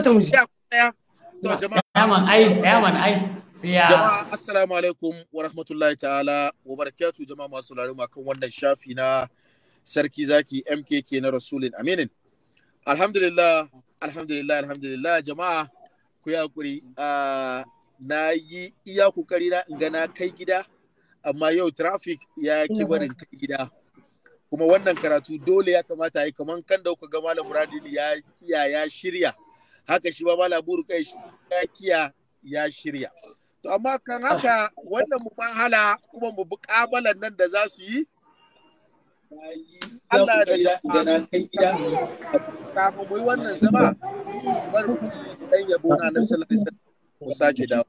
tausi yaman ai yaman ai jama'a assalamu alaikum wa rahmatullahi ta'ala wa barakatuh jama'a masu sauraro kan wannan shafi na sarki zaki mkk na rasulin aminin alhamdulillah alhamdulillah alhamdulillah jama'a ku yi hakuri ah, na yi iya kokari na in gana kai gida amma yau traffic ya ki barin kai gida kuma wannan karatu dole ya kamata yi kamar kan da kuka ga malam muradi ya ya shirya haka shi ba mala buru kai shi kiya ya shirya to amma kan haka wannan mu mahala kuma mu muƙabalan nan da za su yi Allah da ta mu yi wannan zama bar mu dan yabo na sallallahu alaihi wasallam mu sake dawo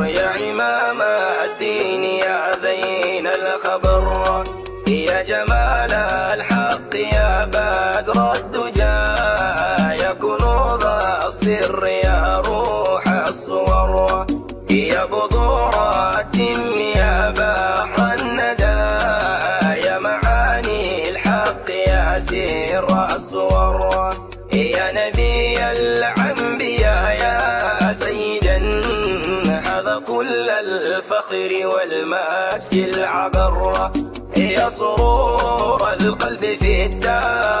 seeta.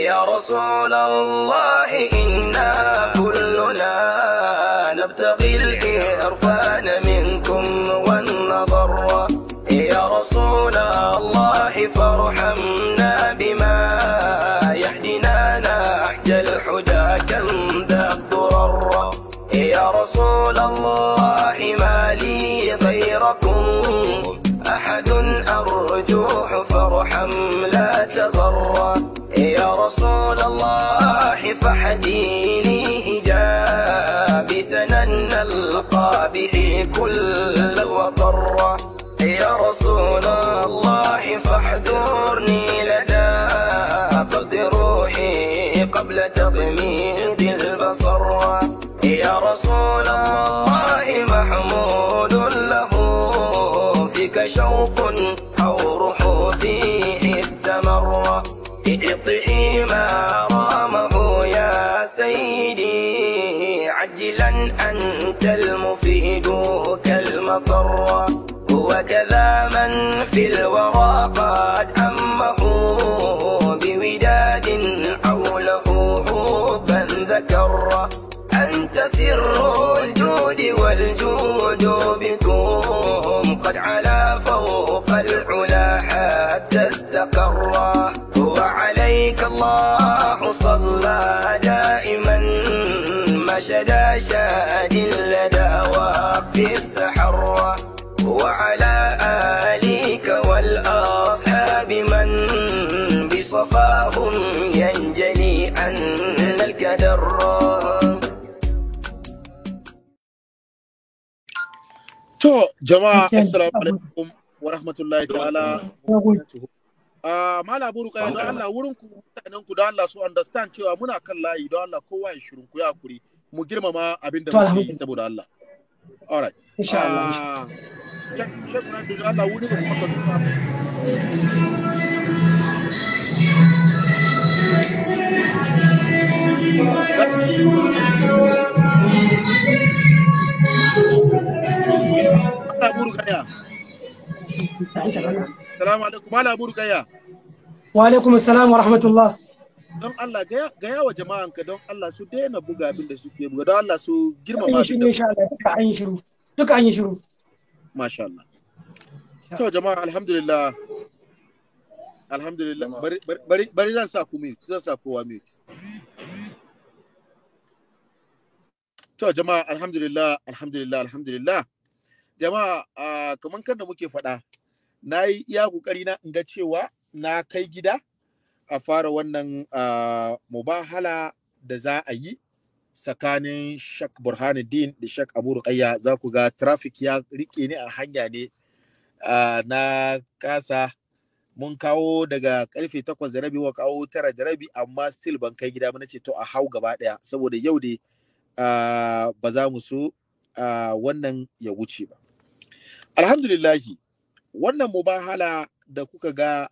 يا رسول الله إنا كلنا نبتغي الإرفان منكم والنظر يا رسول الله فارحمنا بما يحدنا نحج الحدى كم ذا الضرر يا رسول الله ما لي غيركم أحد أرجوح فارحمنا رسول الله فحدي لي إجابتنا نلقى به كل وضرة يا رسول الله فاحذرني لك في الورى قد أمه بوداد حوله حبا ذكر أنت سر الجود والجود بكم قد على فوق العلا حتى استقر هو عليك الله صلى دائما ما شدا شاد لدى وقت السحر وعلى To, jama'a, assalamu alaikum wa rahmatullahi ta'ala. Uh, ah, Mala Buru Kaya, don Allah wurin ku mutanen ku don Allah su understand cewa muna kan layi don Allah kowa ya shirin ku ya kuri mu girmama abin da muke yi saboda Allah. All right. Insha Allah. Ah, Shekuna da don Allah wurin ku maka duka. Thank you. Aburu Kaya. Salamu alaikum. Malam Aburu Kaya. Wa alaikum salam wa rahmatullah. Don Allah ga yawa jama'anka don Allah su daina buga abin da suke buga don Allah su girmama abin da duka an yi shiru. Duka an yi shiru. Masha Allah. To jama'a alhamdulillah. Alhamdulillah. Bari zan sa ku mute, zan sa kowa mute. To jama'a alhamdulillah, alhamdulillah, alhamdulillah. jama'a a kamar kan da muke faɗa na yi iya ƙoƙari na ga cewa na kai gida a fara wannan mubahala da za a yi tsakanin shak burhanuddin da shak abu ruqayya za ku ga Trafik ya rike ni a hanya ne na kasa mun kawo daga karfe takwas da rabi wa kawo tara da rabi amma still ban kai gida mana ce to a hau gaba daya saboda yau da ba za mu so wannan ya wuce ba alhamdulillahi wannan mubahala da kuka ga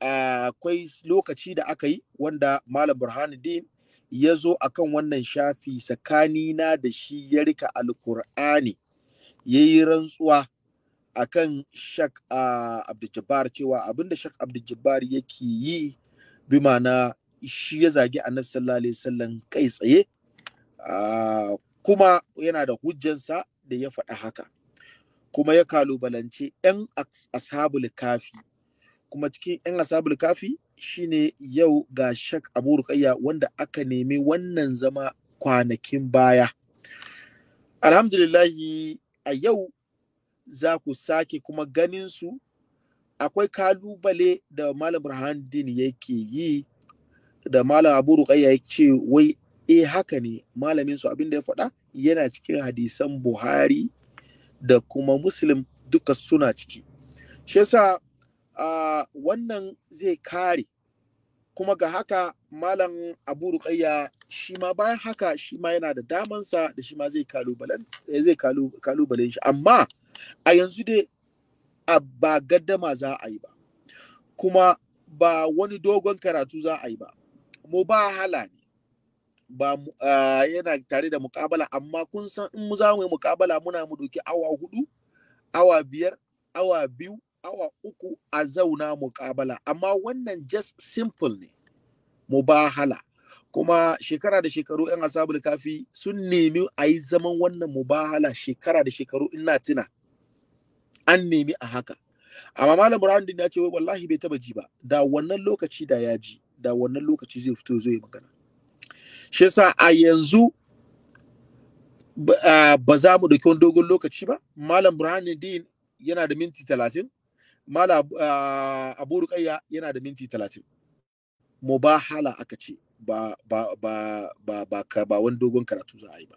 akwai uh, lokaci da aka yi wanda malam burhanuddin ya zo a kan wannan shafi tsakanina da shi ya rika alkur'ani ya yi rantsuwa a kan shak uh, abdul cewa abinda shak abdul yake yi bi mana shi ya zagi a sallallahu alaihi wasallam kai tsaye kuma yana da hujjansa da ya faɗa haka kuma ya kalubalance 'yan ashabul kafi kuma cikin 'yan ashabul kafi shine yau ga shak abu rukayya wanda aka nemi wannan zama kwanakin baya alhamdulillahi a yau za ku sake kuma ganin su akwai kalubale da malam rahandin yake yi da malam abu rukayya ya ce wai eh haka ne malaminsu, su abin ya faɗa yana cikin hadisan buhari da kuma musulun duka suna ciki shi yasa wannan zai kare kuma ga haka malam abu ruƙayya shi ma bayan haka shi ma yana da damansa da shi ma zai kalubalen eh, zai shi amma a yanzu dai a ba gaddama za a yi ba kuma ba wani dogon karatu za a yi ba mu ba hala ne ba uh, yana tare da mukabala amma kun san in mu za yi mukabala muna mu doki awa hudu awa biyar awa biyu awa uku a zauna mukabala amma wannan just simple ne mubahala kuma shekara da shekaru yan asabul kafi sun nemi a yi zaman wannan mu mubahala shekara da shekaru ina tuna an nemi a haka amma malam burhan ya ce wallahi bai taba ji ba da wannan lokaci da ya ji da wannan lokaci zai fito zai magana shi yasa a yanzu ba za mu dauki wani dogon lokaci ba malam burhanuddin yana da minti talatin malam abu rukayya yana da minti talatin Mu aka ce ba ba ba ba ba ba wani dogon karatu za a yi ba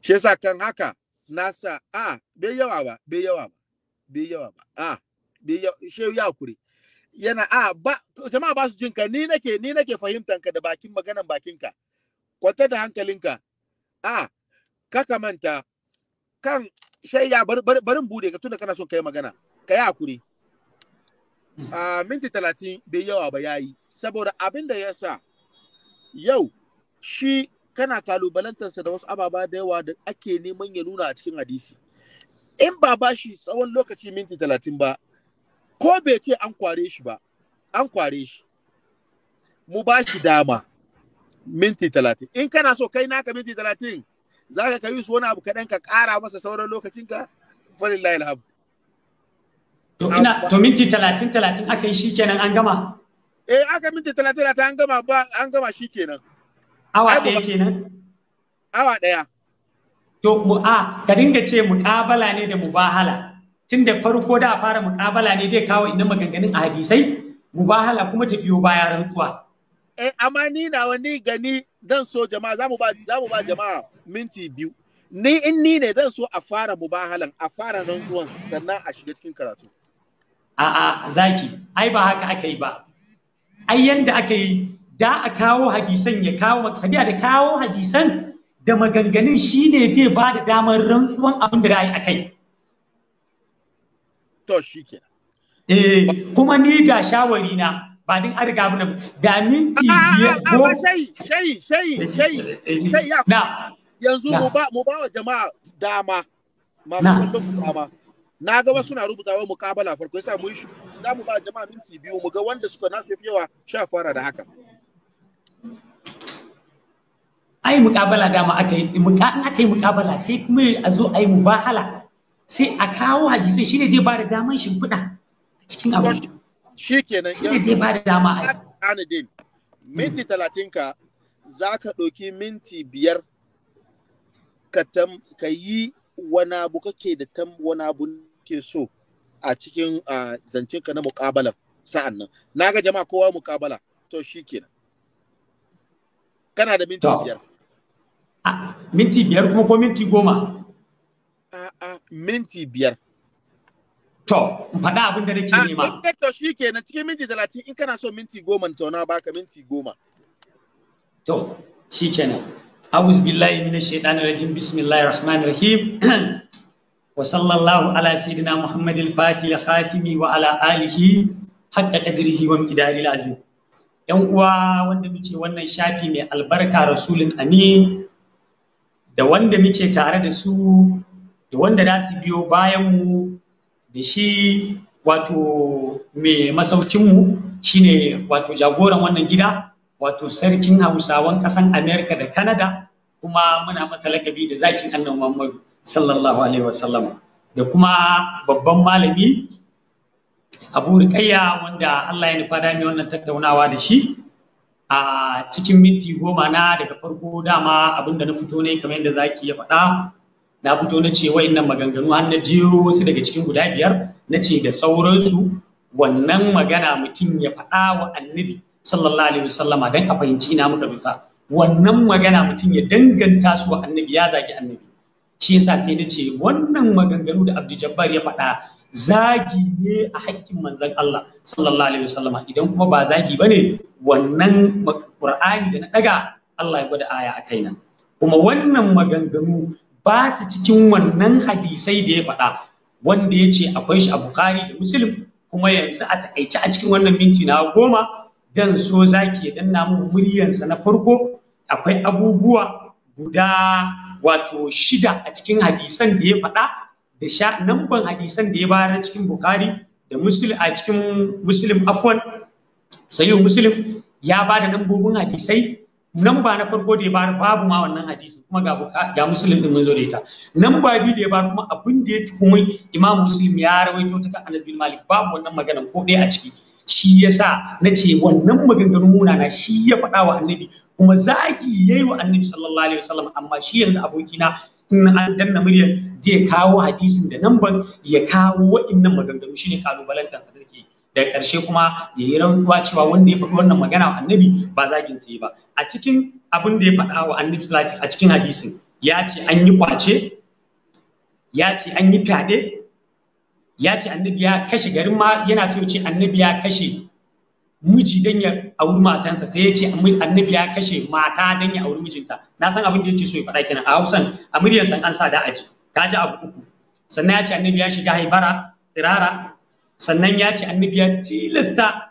shi yasa kan haka nasa a bai yawa ba bai yawa ba bai yawa ba a bai yawa shi ya kure yana a ba jama'a ba su jinka ni nake ni nake fahimtanka da bakin maganan bakinka kwata da hankalinka a kaka manta kan shaida barin bude ka tunda kana son kai magana ka yi hakuri a minti talatin bai yawa ba yayi saboda abin da ya sa yau shi kana kalubalantarsa da wasu ababa da yawa da ake neman ya nuna a cikin hadisi in ba ba shi tsawon lokaci minti talatin ba ko bai ce an kware shi ba an kware shi mu ba shi dama minti talatin in kana so kai naka minti talatin za ka kayi su wani abu kaɗan ka ƙara masa sauran lokacin ka falin layi alhamdu. To ina to minti talatin talatin aka yi shi kenan an gama? Eh aka minti talatin talatin an gama ba an gama shi kenan. Awa ɗaya kenan? Awa ɗaya. To mu a ka dinga ce muƙabala ne da mubahala. Tun da farko da a fara muƙabala ne dai kawo inda maganganun a hadisai mubahala kuma ta biyo baya rantsuwa. eh amma ni na wani gani dan so jama'a zamu ba zamu ba jama'a minti biyu ni in ni ne zan so a fara mubahalan a fara rantsuwan sannan a shiga cikin karatu a'a zaki ai ba haka aka yi ba ai yanda aka yi da a kawo hadisan ya kawo hadiya da kawo hadisan da maganganun shine zai ba da damar rantsuwan abin da ra'ayi akai to shikenan eh kuma ni ga shawari na ba din an riga abin da minti biyar ko shayi shayi shayi shayi ya yanzu mu ba mu ba wa jama'a dama masu kallon dama na ga wasu na rubuta wa mukabala farko yasa mu yi za mu ba jama'a minti biyu mu ga wanda suka nasu yafi yawa sha fara da haka ai mukabala dama aka yi in aka yi mukabala sai kuma a zo a yi mubahala sai a kawo hadisai shine zai ba da daman shimfiɗa cikin abu shi kenan yanzu ba da dama minti talatin ka za ka ɗauki minti biyar ka yi wani abu kake da tam wani abu ke so a cikin zancen ka na muƙabala sa'an nan na ga jama'a kowa muƙabala to shi kenan kana da minti biyar minti biyar kuma ko minti goma a minti biyar To, faɗa abin da nake ah, nema. Ah, to shi kenan cikin minti talatin in kana so minti goma to na baka minti goma. To, shi kenan. A'udhu billahi minash shaitani Bismillahir rahmanir rahim. wa sallallahu ala sayyidina Muhammadil Fatih khatimi wa ala alihi haqqa qadrihi wa miqdaril azim. Yan uwa wanda muke wannan shafi mai albarka Rasulun Amin da wanda muke tare da su da wanda za su biyo bayan mu da shi wato mai masaukinmu shine wato jagoran wannan gida wato sarkin hausawan ƙasan amerika da Kanada, kuma muna masa lakabi da zakin annabi muhammadu sallallahu alaihi wasallam da kuma babban malami abu rikayya wanda allah ya nufa ni wannan tattaunawa da shi a cikin minti goma na daga farko dama abinda na fito ne kamar yadda zaki ya faɗa na fito na ce wa'annan maganganu har na jero wasu daga cikin guda biyar na ce da sauransu wannan magana mutum ya faɗa wa annabi sallallahu alaihi wasallam dan a fahimci ina muka bisa wannan magana mutum ya danganta su wa annabi ya zagi annabi shi yasa sai na ce wannan maganganu da Abdul Jabbar ya faɗa zagi ne a hakkin manzon Allah sallallahu alaihi wasallam idan kuma ba zagi bane wannan Qur'ani da na daga Allah ya gwada aya a kaina kuma wannan maganganu ba su cikin wannan hadisai da ya faɗa wanda ya ce akwai shi a Bukhari da Muslim kuma yanzu a takaice a cikin wannan minti na goma dan so zaki ya danna mun muryansa na farko akwai abubuwa guda wato shida a cikin hadisan da ya faɗa da sha namban hadisan da ya bayar cikin Bukhari da Muslim a cikin Muslim afwan sayyid Muslim ya ba da lambobin hadisai nan ba na farko da ya bar babu ma wannan hadisin kuma ga ga muslim din mun zo da ita nan ba bi da ya bar kuma abin da ya tuhumi imam muslim ya rawaito ta kan anas malik babu wannan magana ko ɗaya a ciki shi yasa na ce wannan maganganun na, shi ya faɗa wa annabi kuma zagi ya yi wa annabi sallallahu alaihi wasallam amma shi yanzu abokina in an danna muryar zai kawo hadisin da nan ban ya kawo wa'innan maganganu shine kalubalen kansa da ke da ƙarshe kuma ya yi rantuwa cewa wanda ya faɗi wannan magana wa annabi ba zagin sai ba a cikin abin da ya faɗa wa annabi a cikin hadisin ya ce an yi kwace ya ce an yi fyaɗe ya ce annabi ya kashe garin ma yana so ce annabi ya kashe miji dan ya auri matansa sai ya ce annabi ya kashe mata dan ya auri mijinta na san abin da ya ce so ya faɗa kenan a Hausan a muryar san an sa da aji ta ji abu uku sannan ya ce annabi ya shiga haibara tsirara sannan ya ce annabi ya tilasta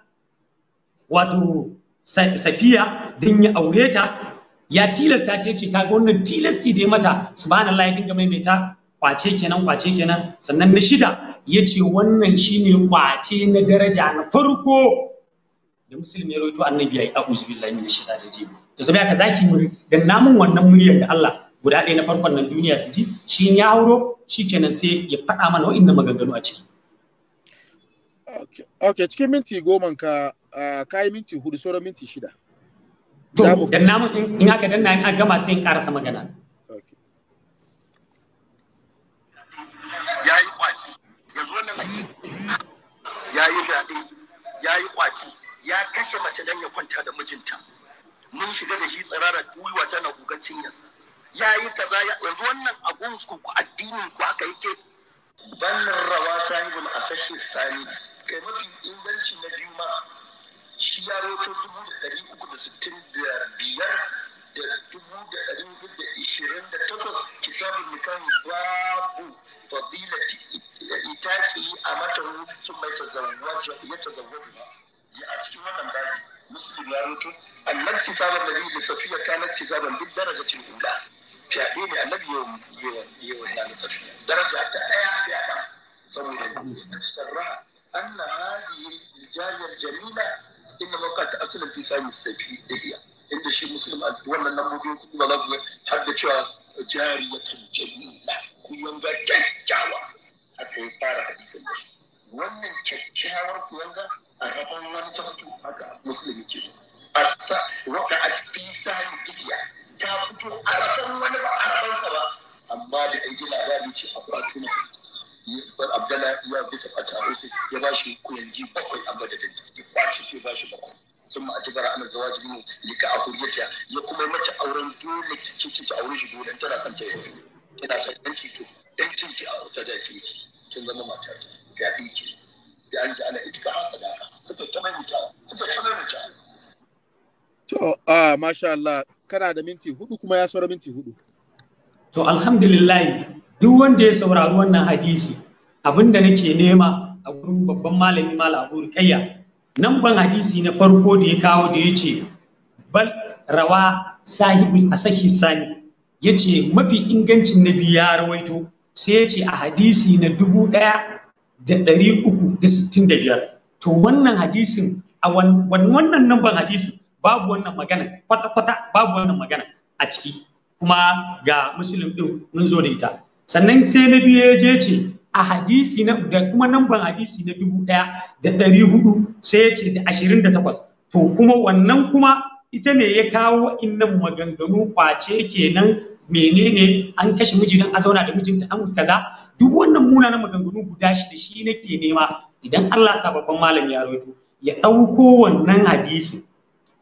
wato safiya din ya aure ta ya tilasta ta ce kaga wannan tilasti da ya mata subhanallah ya dinga maimaita kwace kenan kwace kenan sannan na shida ya ce wannan shine kwace na daraja na farko da musulmi ya rawaito annabi ya a'udhu billahi minash shaitani rajim to saboda ka zaki mu da namun wannan muryar da Allah guda ɗaya na farkon nan duniya su ji shi ya hauro kenan sai ya faɗa mana wa'annan maganganu a ciki Ok, cikin minti goma ka kayi minti hudu sauran minti shida. To, danna mun in aka danna in an gama sai in karasa magana. Ya yi kwaci, yanzu wannan aiki ya yi fyaɗe, ya yi kwaci, ya kashe mace don ya kwanta da mijinta. Mun shiga da shi tsirara gwiwa tana gugan cinyarsa. Ya yi kaza, yanzu wannan abun ku addinin ku haka yake. Ban rawa a asashi sani. kai mafi inganci na biyu ma shi ya roto dubu da ɗari uku da sittin da biyar da dubu da ɗari uku da ishirin da takwas kitabun kan babu fadila yi a mata hutun mai ya ba ya a cikin wannan baki muslim ya roto annan kisaban da biyu da safiya kanar kisaban duk darajacin hula fyaɗe ne annabi yawan yawan yawan safiya daraja ta ɗaya fyaɗa saboda sarraha anna hadhihi al-jariyya jamila inma waqa'at aslan fi sami safiya inda shi muslim wannan nan mudin kudu ba za ku har da cewa jariyatun jamila ku yanga kyakkyawa haka ya fara hadisin da wannan kyakkyawar ku yanga a rabon wani tafi haka muslim ke asa waqa'at fi sami safiya ta fito a wani ba a rabon sa ba amma da an ji labari ce a kwatu bar abdala ya bisa fata osi ya ba shi ji bakwai a madadin ya kwashe ce ba shi bakwai sun ma'a jibara ana zawa jibinu lika a huriyata ya kuma mace auren dole cikin ta auren shi dole tana son ta yi yanzu tana son yanci to ɗan ki a yi kin zama mata ta ya ɗi da an ji ana itika a sadaka suka ta mai mutane suka ta mai mutane. to a masha Allah kana da minti hudu kuma ya saura minti hudu. to alhamdulillah duk wanda ya saurari wannan hadisi abinda nake nema a gurin babban malami mala abu rukayya nan ban hadisi na farko da ya kawo da ya ce bal rawa sahibul asahi sani ya ce mafi ingancin nabi ya rawaito sai ya ce a hadisi na dubu ɗaya da ɗari uku da sittin da biyar to wannan hadisin a wannan nan ban hadisin babu wannan magana kwata-kwata babu wannan magana a ciki kuma ga musulun ɗin mun zo da ita sannan sai na biyu ya je ce a hadisi na da kuma namban hadisi na dubu ɗaya da ɗari hudu sai ya ce da ashirin da takwas to kuma wannan kuma ita ne ya kawo innan maganganu kwace kenan menene an kashe miji don a zauna da mijinta an kaza duk wannan munanan maganganu guda shi da shi nake nema idan Allah sa babban malam ya rawaito ya ɗauko wannan hadisi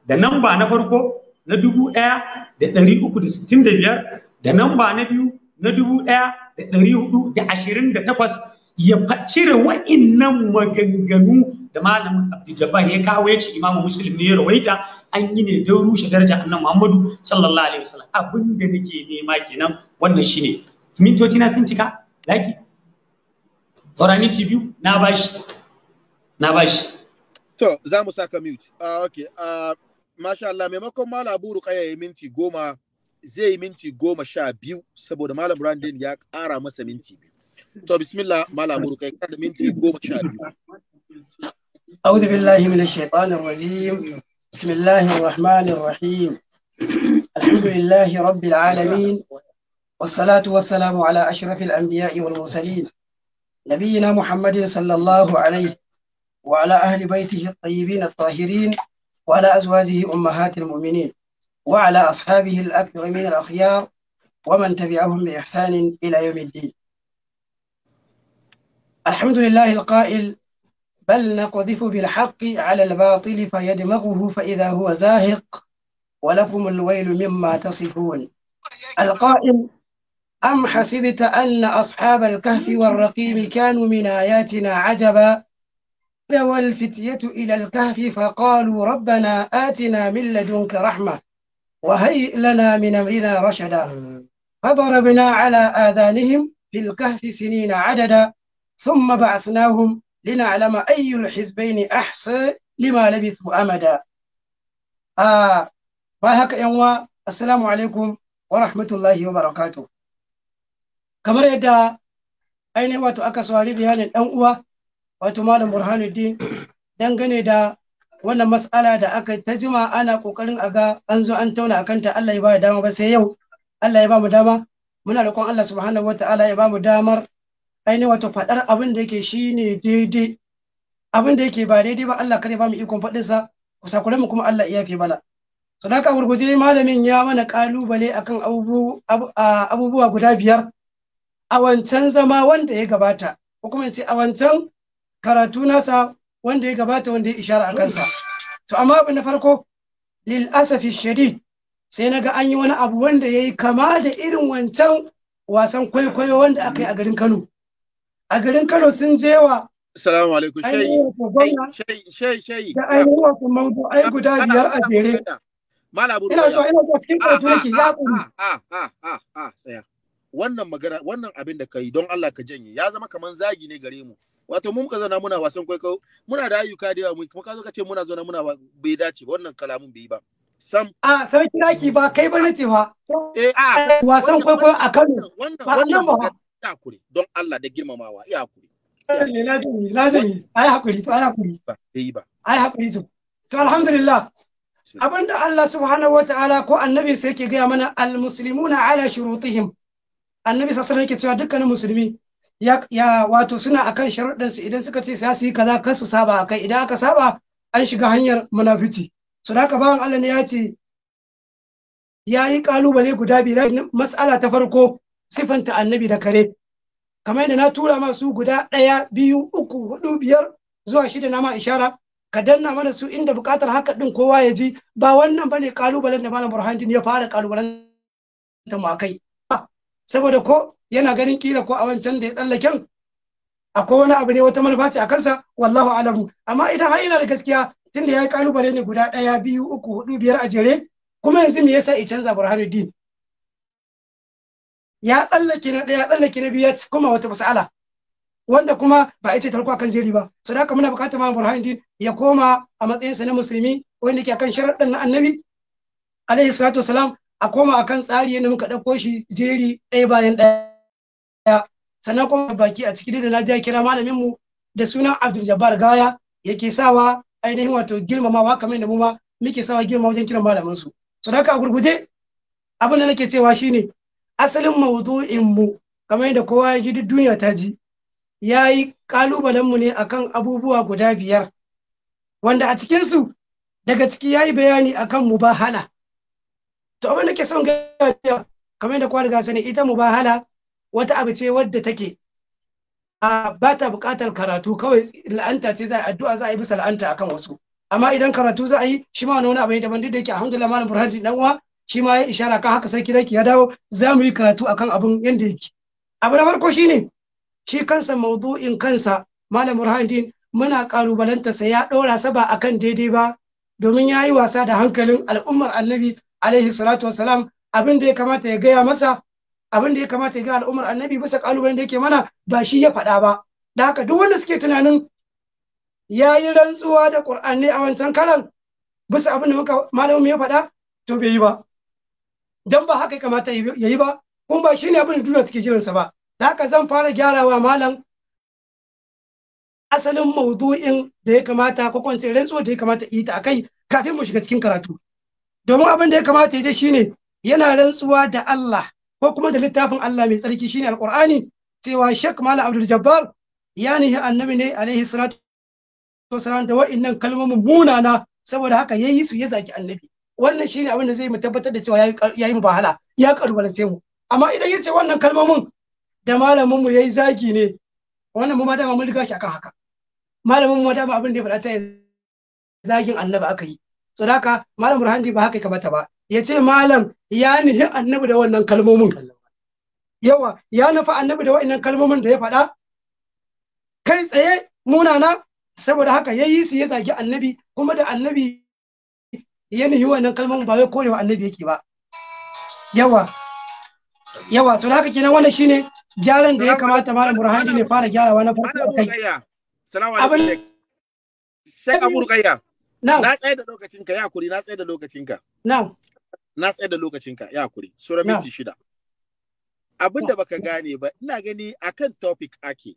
da namba na farko na dubu ɗaya da ɗari uku da sittin da biyar da namba na biyu na dubu ɗaya da ɗari hudu da ashirin da takwas ya cire wa'innan maganganu da Malam abdujabbar ya kawo ya ce imamu muslim ne ya rawaita an yi ne don rushe daraja annan muhammadu sallallahu alaihi wasallam abin da nake nema kenan wannan shi ne mintoci na sun cika zaki saura minti biyu na bashi na bashi to za mu saka mute ah okay ah masha Allah maimakon malabu ruqayya minti goma zai yi minti goma sha biyu saboda Malam Brandon ya ƙara masa minti biyu. To, bismillah, Malam Buru, kai kada minti goma sha biyu. A'udhu billahi min shaitanir rajim. Bismillahir rahmanir rahim. Alhamdulillahi rabbil alamin. Wassalatu wassalamu ala ashrafil anbiya'i wal mursalin. Nabiyina Muhammadin sallallahu alaihi wa ala ahli baitihi at-tayyibin at-tahirin wa ala ummahatil mu'minin. وعلى أصحابه الأكثر من الأخيار ومن تبعهم بإحسان إلى يوم الدين الحمد لله القائل بل نقذف بالحق على الباطل فيدمغه فإذا هو زاهق ولكم الويل مما تصفون القائل أم حسبت أن أصحاب الكهف والرقيم كانوا من آياتنا عجبا ذوى الفتية إلى الكهف فقالوا ربنا آتنا من لدنك رحمة وهيئ لنا من أمرنا رشدا فضربنا على آذانهم في الكهف سنين عددا ثم بعثناهم لنعلم أي الحزبين أحصى لما لبثوا أمدا آه وهك ينوى السلام عليكم ورحمة الله وبركاته كما yadda اين wato aka saurari bayanin ɗan uwa wato الدين دا wannan matsala da aka ta jima ana kokarin a ga an zo an tauna akan ta Allah ya ba dama ba sai yau Allah ya ba mu dama muna roƙon Allah subhanahu wataala ya ba mu damar ainihin wato faɗar abin da yake shine daidai abin da yake ba daidai ba Allah kare ba mu ikon faɗin sa ku sakure mu kuma Allah ya fi bala to da ka gurguje malamin ya mana kalubale akan abubuwa guda biyar a wancan zama wanda ya gabata ko kuma ce a wancan karatu nasa wanda ya gabata wanda ya ishara a kansa to amma abu na farko lil asafi shadid sai na ga an yi wani abu wanda ya yi kama da irin wancan wasan kwaikwayo wanda aka yi a garin Kano a garin Kano sun je wa Assalamu alaikum shayi shayi shayi da ainihin wasu mawdu'ai guda biyar a jere Mala Buru ina so ina so cikin ah, karatu yake ah, ya kuri a a a a wannan magana wannan abin da kai don Allah ka janye ya zama kaman zagi ne gare mu wato mun muka zauna muna wasan kwaikwayo muna da ayyuka da yawa kuma ka zo ka ce muna zauna muna bai dace ba wannan kalamun bai yi ba sam a sarki raki ba kai ba nace ba eh a wasan kwaikwayo a Kano wannan wannan ba kure don Allah da girmamawa ya kure eh, na zan ai hakuri to ai hakuri ba bai ba ai hakuri to to alhamdulillah da Allah subhanahu wata'ala ko annabi sai yake gaya mana Al-Musulmi almuslimuna ala shurutihim annabi sallallahu alaihi yake cewa dukkanin musulmi ya, wato suna akan sharuɗansu idan suka ce za su yi kaza kan su saba akai idan aka saba an shiga hanyar munafici so da bawan Allah ne ya ce ya yi kalubale guda biyar mas'ala ta farko sifanta annabi da kare kamar yadda na tura masu guda ɗaya biyu uku hudu biyar zuwa shida na ma ishara ka danna mana su inda buƙatar haka ɗin kowa ya ji ba wannan ba ne kalubalen da malam burhanuddin ya fara kalubalen ta kai. saboda ko yana ganin kila ko a wancan da ya tsallaken akwai wani abu ne wata manufa ce a kansa wallahu alamu amma idan har yana da gaskiya da ya yi kalubale ne guda ɗaya biyu uku hudu biyar a jere kuma yanzu me yasa i canza burhanuddin ya tsallake na ɗaya tsallake na biyu ya kuma wata mas'ala wanda kuma ba ita tarko akan jeri ba so da muna buƙatar ma burhanuddin ya koma a matsayinsa na musulmi wanda ke akan sharaɗin na annabi alaihi salatu wasalam a koma akan tsari yadda muka ɗauko shi jeri ɗaya bayan ɗaya daya sannan kuma baki a cikin da na je kira malamin mu da sunan Abdul Jabbar Gaya yake sawa ainihin wato girmamawa kamar da mu ma muke sawa girma wajen kiran malamin su so a gurguje abin da nake cewa shine asalin mawdu'in mu kamar yadda kowa ya ji duniya ta ji yayi kalubalen mu ne akan abubuwa guda biyar wanda a cikin su daga ciki ya yi bayani akan mubahala to abin da ke son gaya kamar yadda kowa riga sani ita mubahala wata abu ce wadda take ba ta buƙatar karatu kawai la'anta ce za a addu'a za a yi bisa la'anta akan wasu amma idan karatu za a yi shi ma wani abu ne daban duk da yake alhamdulillah malam burhan dan uwa shi ma ya ishara kan haka sai kiraki ya dawo za mu yi karatu akan abun yanda yake abu na farko shine shi kansa mawdu'in kansa malam burhan muna kalubalanta sa ya ɗora sa ba akan daidai ba domin ya yi wasa da hankalin al'ummar annabi alaihi salatu wassalam abin da ya kamata ya gaya masa abin da ya kamata ya ga al'ummar annabi bisa kalubalen da yake mana ba shi ya faɗa ba da haka duk wanda suke tunanin ya yi rantsuwa da ƙur'ani a wancan karan bisa abin da muka malamin ya faɗa to bai yi ba dan ba haka ya kamata ya yi ba kuma ba shine abin da duniya take jiransa ba da haka zan fara gyarawa malam asalin maudu'in da ya kamata ko kwance rantsuwa da ya kamata yi ta akai kafin mu shiga cikin karatu domin abin da ya kamata ya je shine yana rantsuwa da Allah ko kuma da littafin Allah mai tsarki shine alqur'ani cewa Sheikh Malam Abdul Jabbar ya nihi annabi ne alaihi salatu wasalam da wa'annan kalmomin munana saboda haka yayi su ya zaki annabi wannan shine abin da zai mu tabbatar da cewa yayi mu bahala ya karbalace mu amma idan ya ce wannan kalmomin da malamin mu yayi zagi ne wannan mu ma dama mun riga shi akan haka malamin mu ma dama abin da ya faɗa ta zagin annabi aka yi saboda haka malam Burhandi ba haka kamata ba ya ce malam ya nihi annabi da wannan kalmomin yawa ya nufi annabi da wannan kalmomin da ya faɗa kai tsaye munana saboda haka ya yi su ya zagi annabi kuma da annabi ya nihi wannan kalmomin ba wai korewa annabi yake ba yawa yawa so haka kenan wannan shine gyaran da ya kamata malam burhani ne fara gyarawa na farko kai salamu alaikum shek abu rukayya na tsaye da lokacinka ya kuri na tsaye da lokacinka na'am na tsaye da lokacinka ya kuri sura minti shida abin da baka gane ba ina gani akan topic ake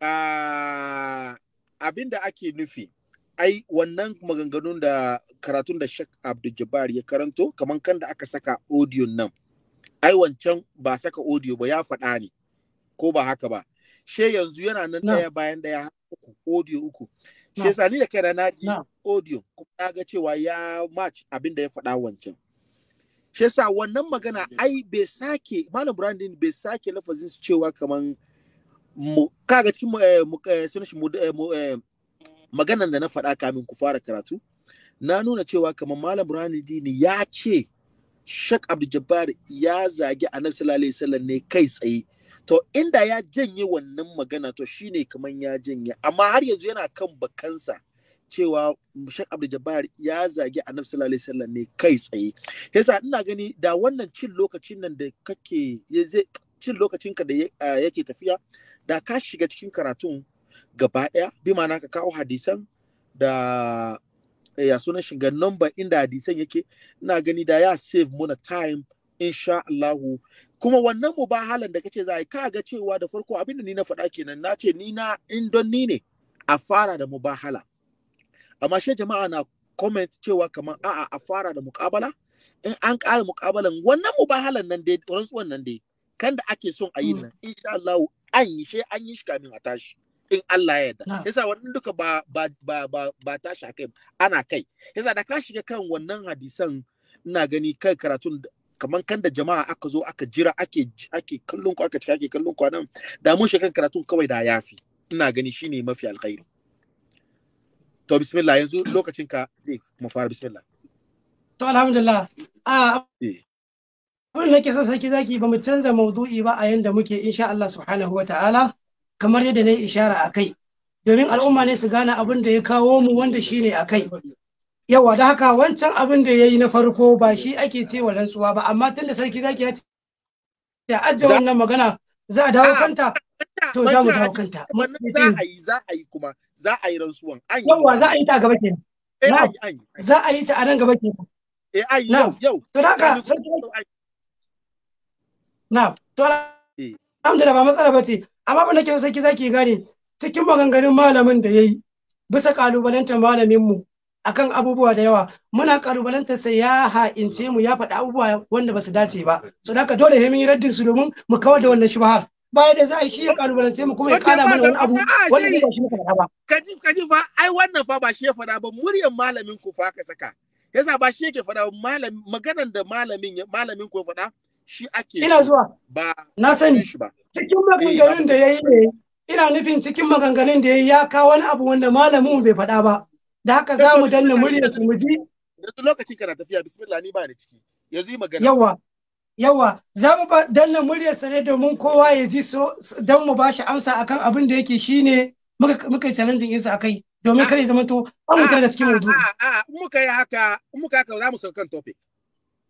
uh, abin da ake nufi ai wannan maganganun da karatun da Sheikh Abdul Jabbar ya karanto kamar kan da aka saka audio nan ai wancan ba saka audio ba ya faɗa ne ko ba haka ba she yanzu yana nan daya bayan daya uku audio uku she sani da kai na ji audio kuma na ga cewa ya match abin da ya faɗa wancan shi yasa wannan magana ai bai sake malam brandin bai sake lafazin cewa kaman kaga cikin eh, eh, eh, maganan da na faɗa kamin ku fara karatu na nuna cewa kaman malam dini ya ce shak abdul ya zagi annabi sallallahu alaihi wasallam ne kai tsaye to inda ya janye wannan magana to shine kamar ya janye amma har yanzu yana kan bakansa cewa Mushak Abdul Jabbar ya zagi a sallallahu alaihi wasallam ne kai tsaye yasa ina gani da wannan cin lokacin nan da kake zai cin lokacin da yake tafiya da ka shiga cikin karatun gaba ɗaya bi ma'ana ka kawo hadisan da eh, ya sunan shiga number inda hadisan yake ina gani da ya save muna time insha Allahu kuma wannan mu mubahalan da kace za a ka ga cewa da farko abin da ni na faɗa kenan na ce ni na in ni ne a fara da mubahala amma shi jama'a na comment cewa kamar a'a a fara da mukabala in an ƙara mukabalan wannan mubahalan nan dai rantsuwan nan dai kan da ake son a yi hmm. nan insha Allah an yi shi an yi shi kamin a tashi in Allah ya yarda yasa wannan duka ba ba ba ba, ba tashi kai ana kai yasa da ka shiga kan wannan hadisan ina gani kai karatun kaman kan da jama'a aka zo aka jira ake ake kallon ku aka cika ake kallon ku nan da mun shi kan karatun kawai da yafi ina gani shine mafi alkhairi to bismillah yanzu lokacin ka zai mu fara bismillah to alhamdulillah a ah, eh. abin da ke son sarki zaki ba mu canza maudu'i ba a yanda muke insha Allah subhanahu wa ta'ala kamar yadda na yi ishara a kai domin al'umma ne su gane abin da ya kawo mu wanda shi ne a kai yawa da haka wancan abin da ya yi na farko ba shi ake cewa rantsuwa ba amma tun da sarki zaki ya ce ya ajiye wannan magana za a dawo kanta ah, to za mu dawo kanta mm, za mm. a yi za a yi kuma za a yi rantsuwan za a yi ta gaba ke eh, za a yi ta a nan gaba ke eh ai yau yau to haka na to eh. alhamdulillah ba matsala bace amma ba nake sai ki zaki gane cikin maganganun malamin da yayi bisa kalubalantar malamin mu akan abubuwa da yawa muna kalubalantar sai ya ha'ince mu ya faɗi abubuwa wanda ba su dace ba so haka dole he mun yi raddin su domin mu kawar da wannan shubhar baya da za a shi ya kalubalance mu kuma ya mana wani abu wanda shi ba kaji kaji fa ai wannan fa ba shi ya faɗa ba muryar malamin ku fa ka saka yasa ba shi yake faɗa malamin maganar da malamin malamin ku faɗa shi ake ina zuwa ba na sani cikin maganganun eh, da yayi ne ina nufin cikin maganganun da yayi ya kawo wani abu wanda malamin bai faɗa ba da haka za mu danna muryar su mu ji yanzu lokacin kana tafiya bismillah ni ba ni ciki yanzu yi magana yawa yawa za mu danna muryarsa ne domin kowa ya ji so don mu bashi amsa akan abin da yake shine muka yi challenging ɗinsa akai domin kare zama to an mutu daga cikin mutum. Ah, ah, ah, muka yi haka muka haka za mu sauka kan topic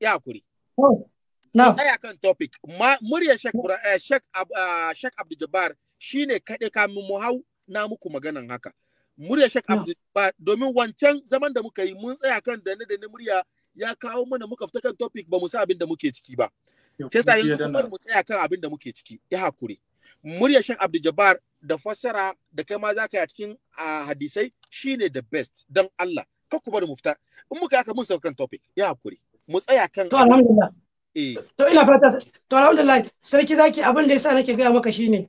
ya hakuri. Oh, na sai kan topic ma muryar Sheikh eh, Sheikh Sheikh Abdul Jabbar shine kaɗai kamin mu hau na muku maganan haka. Muryar Sheikh Abdul Jabbar domin wancan zaman da muka yi mun tsaya kan da ne da murya ya kawo mana muka fita kan topic ba mu sa abin da muke ciki ba sai sa yanzu kuma mu tsaya kan abin da muke ciki ya hakuri murya shan abdul jabbar da fassara da kai ma za ka yi a cikin hadisai shine the best don Allah ka ku bari mu fita in muka yaka mun sauka kan topic ya hakuri mu tsaya kan to alhamdulillah eh. to ina fata to alhamdulillah sarki zaki abin da yasa nake gaya maka shine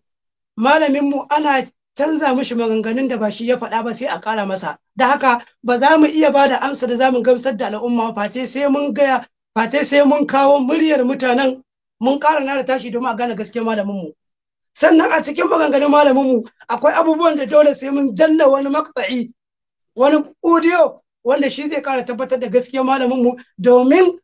malamin mu ana canza mishi maganganun da ba shi ya faɗa ba sai a ƙara masa da haka ba za mu iya ba da amsa da za mu gamsar da al'umma face sai mun gaya face sai mun kawo muryar mutanen mun ƙara nara tashi domin a gane gaskiyar malaminmu sannan a cikin maganganun malaminmu akwai abubuwan da dole sai mun danna wani makta'i wani audio wanda shi zai ƙara tabbatar da gaskiyar malaminmu domin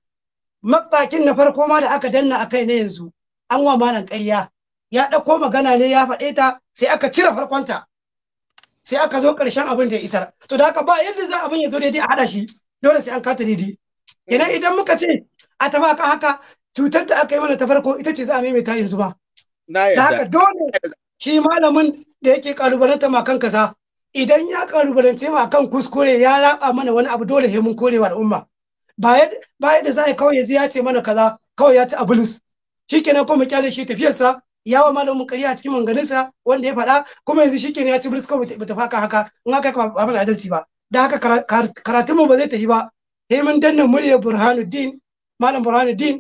matsakin na farko ma da aka danna a kai na yanzu an wa malam ƙarya ya ɗauko magana ne ya faɗe ta sai aka cire farkonta sai aka zo ƙarshen abin da ya isar to da haka ba yadda za abin ya zo daidai a haɗa shi dole sai an kata daidai dai idan muka ce a tafi akan haka cutar da aka yi mana ta farko ita ce za a maimaita yanzu ba da haka dole shi malamin da yake kalubalanta ma kan kaza idan ya kalubalance ma kan kuskure ya raba mana wani abu dole he mun korewa al'umma ba yadda za a kawai ya ce mana kaza kawai ya ci abulus shikenan mu kyale shi tafiyarsa ya wa malamin kariya a cikin manganinsa wanda ya faɗa kuma yanzu shi ya ci bilis kawai ta faka haka in haka ka ba da adalci ba da haka karatunmu ba zai tafi ba sai mun danna murya burhanuddin malam burhanuddin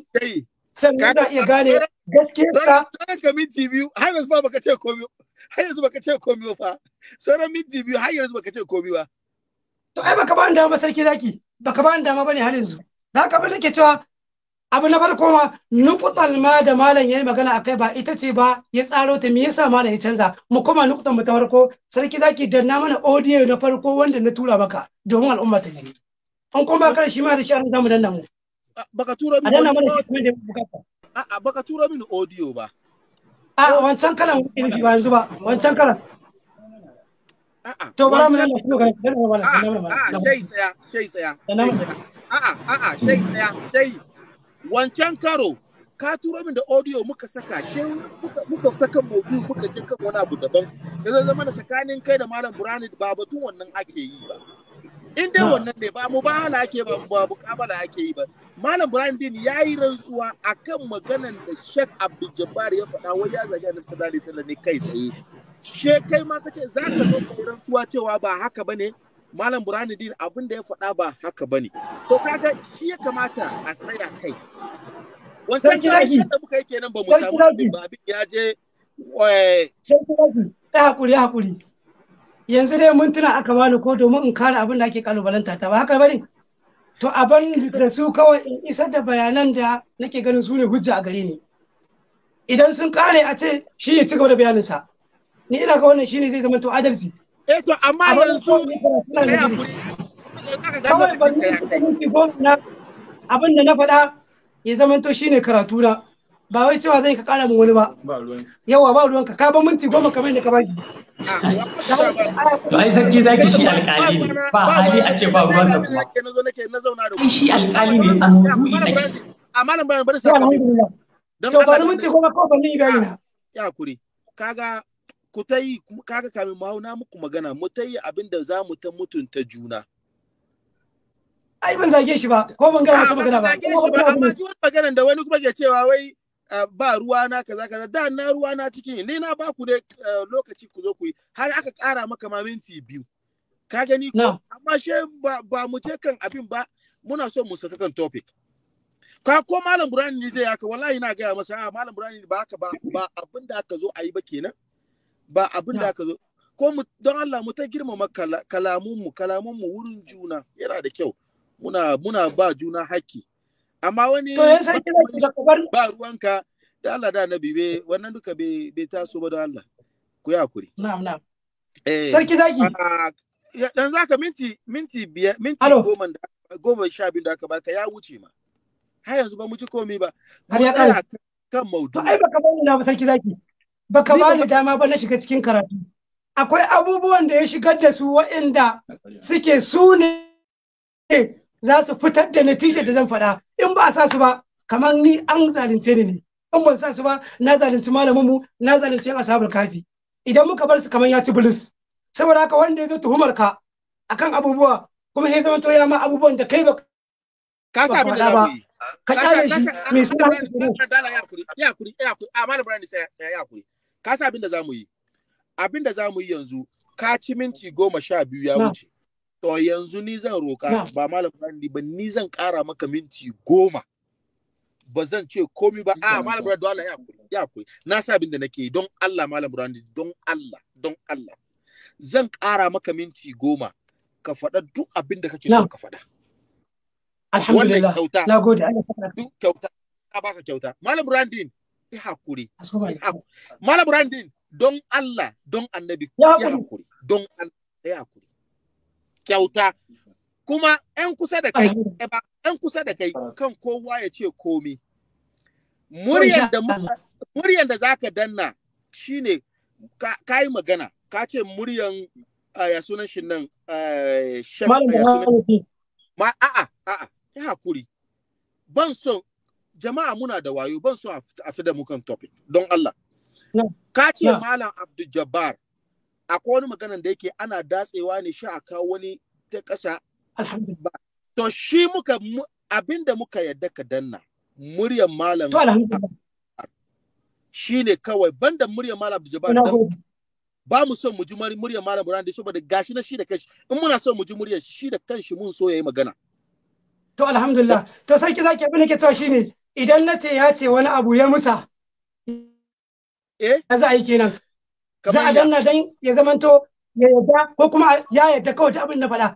sannan da iya gane gaskiya ta ka minti biyu har yanzu ba baka ce komai har yanzu baka ce komai fa sauran minti biyu har yanzu baka ce komai ba to ai baka ba ni dama sarki zaki baka ba ni dama bane har yanzu da haka ba nake ke cewa abu na farko ma nukutan ma da malam yayi magana akai ba ita ce ba ya tsaro ta me yasa malam ya canza mu koma nukutan mu ta farko sarki zaki danna mana audio na farko wanda na tura maka domin al'umma ta ji an kuma kar shi ma da shi an zamu danna mu baka tura min danna mana shi da bukata a baka tura min audio ba a wancan kalan wani ba yanzu ba wancan kalan to bara mu nan ku ga danna mana danna mana shei tsaya shei tsaya a'a a'a shei tsaya shei wancan karo ka turo min da audio muka saka she muka fita kan mobi muka je kan wani abu daban da zai zama da tsakanin kai da malam burani ba batun wannan ake yi ba in dai ah. wannan ne ba mu ba ake ba ba kabala ake yi ba malam burani din yayi rantsuwa akan maganan da shek Abdul ya faɗa wai ya zage da sallallahu alaihi wasallam ne kai tsaye she kai ma kace zaka zo ka rantsuwa cewa ba haka bane Malam Burhanuddin abin da ya faɗa ba haka ba ne. To kaga shi ya kamata a tsaya kai. Wancan ki. Wancan muka ki. Wancan ba ki. Wancan abin ki. Wancan ya ki. Ta hakuri hakuri. Yanzu dai mun tuna aka bani ko domin in kare abin da ake kalubalanta ta ba haka ba ne. To abin da su kawai in isar da bayanan da nake ganin su ne hujja a gare ni. Idan sun kare a ce shi ya ci gaba da bayaninsa. Ni ina ga wannan shi ne zai zama to adalci. Eto eh, to amma yanzu abin da na faɗa ya zamanto shine karatu na ba wai cewa zai ka kara min wani ba yawa ba ruwanka ka ba minti goma kamar da ka baki ah, to ai sarki zaki shi alkali ne ba hali a ce ba ruwansa kuma ai shi alkali ne a mudu'i nake amma nan bayan bari sai ka to ba minti goma ko ban yi ah, ina ya kuri kaga ku ta yi kaga kamin mu na muku magana mu ta yi abin da za mu ta mutunta juna ai ban zage shi ba ko ban gaya masa magana ba ban zage amma shi wani magana da wani kuma ke cewa wai ah, ba ruwa na kaza kaza da na ruwa na cikin ni na ba ku da eh, lokaci ku zo ku yi har aka kara maka ma minti biyu ka gani ko amma she ba mu je kan abin ba muna so mu saka kan topic ka ko malam burani ne zai haka wallahi na gaya masa a ah, malam burani ba haka ba ba abin da aka zo a yi ba kenan ba abin da aka zo ko mu don Allah mu ta girmama kalamun mu kalamun mu wurin juna yana da kyau muna muna ba juna haƙƙi amma wani ba ruwanka da Allah da nabi be wannan duka be be taso ba don Allah ku yi hakuri na'am na'am eh sarki zaki dan zaka minti minti biyar minti goma goma sha biyu da aka baka ya wuce ma har yanzu ba mu ci komai ba har ya kan maudu ai baka bani na ba sarki zaki baka ba ni dama ba na shiga cikin karatu akwai abubuwan da ya shigar da su waɗanda suke su ne za su fitar da natijar da zan faɗa in ba a sa su ba kamar ni an zalunce ni ne in ban sa su ba na zalunci malaminmu na zalunci yan ashabul kafi idan muka bar su kamar ya ci bilis saboda haka wanda ya zo tuhumar ka akan abubuwa kuma sai zama to ya ma abubuwan da kai ba ka sa abin da ba ka kyale shi mai suna ya kuri ya kuri ya kuri amma da bayani sai ya kuri ka sa abin da za mu yi abin da za mu yi yanzu ka ci minti goma sha biyu ya wuce to yanzu ni zan roka ba malam Brandi ba ni zan kara maka minti goma ba zan ce komi ba a ah, malam Brandi Allah ya kuri ya kuri na sa abin da nake don Allah malam Brandi don Allah don Allah zan kara maka minti goma ka faɗa duk abin da kake so ka faɗa alhamdulillah na gode Allah duk kyauta ka baka kyauta malam Brandin yi hakuri mala brandin don Allah don annabi yi hakuri don Allah yi hakuri kyauta kuma yan kusa da kai yan kusa da kai kan kowa ya ce komi muryan da muryan da zaka danna shine ka yi magana ka ce muryan ya sunan shi nan a a ya hakuri ban son jama'a muna da wayo ban so a fi da mu kan topic don Allah. Ka ce Malam Abdul Jabbar akwai wani maganan da yake ana datsewa ne shi a kawo wani ta ƙasa. To shi muka abin da muka yadda ka danna muryar Malam shi ne kawai banda muryar Malam Abdul Jabbar ba mu son mu ji muryar Malam da saboda gashi na shi da kanshi in muna son mu ji muryar shi da kanshi mun so yayi magana. To alhamdulillah. To sai ki zaki abin da ke cewa shine idan na ce ya ce wani abu ya musa eh za a yi kenan za a danna dan ya zamanto ya yadda ko kuma ya yadda kawai ta abin na faɗa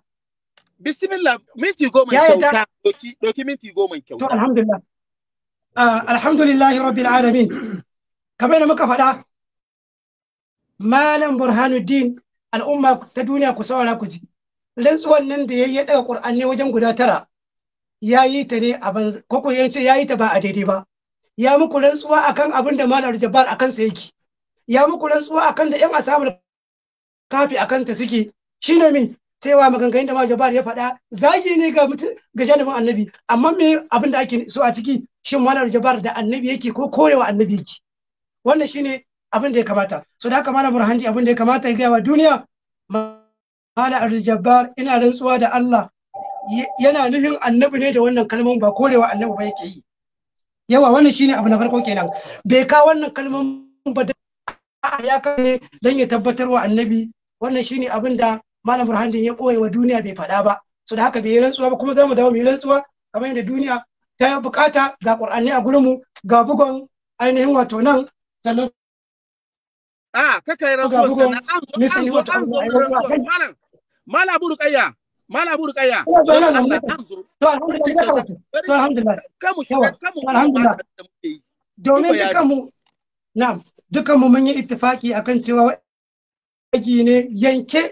bismillah minti goma kyauta doki doki minti goma kyauta to alhamdulillah ah, alhamdulillahi rabbil alamin kamar da muka faɗa malam burhanuddin al'umma ta duniya ku saurara ku ji rantsuwan nan da ya yi daga qur'ani wajen guda tara ya yi ta ne a banza ko ya ya yi ta ba a daidai ba ya muku rantsuwa akan abin da malar jabbar akan sa yake ya muku rantsuwa akan da yan asabul kafi akan ta suke shine mi cewa maganganun da malar jabbar ya faɗa zagi ne ga ga janibin annabi amma me abin da ake so a ciki shin malar jabbar da annabi yake ko korewa annabi yake wannan shine abin da ya kamata so da haka malam burhandi abin da ya kamata ya gaya wa duniya malam jabbar ina rantsuwa da Allah yana nufin annabi ne da wannan kalman ba korewa annabi ba yake yi yawa wannan shine abu na farko kenan bai ka wannan kalman ba da ya kare dan ya tabbatar wa annabi wannan shine abin da malam burhanuddin ya boye wa duniya bai faɗa ba so da haka bai rantsuwa ba kuma zamu dawo mu rantsuwa kamar yadda duniya ta yi bukata ga qur'ani a gurin mu ga bugon ainihin wato nan sannan a ah, kakai rantsuwa sannan an zo an zo an zo malam malam abu Mala Abu Rukaya. To alhamdulillah. To alhamdulillah. Kamu kamu alhamdulillah. Domin mu, na'am mu mun yi ittifaki akan cewa aiki ne yanke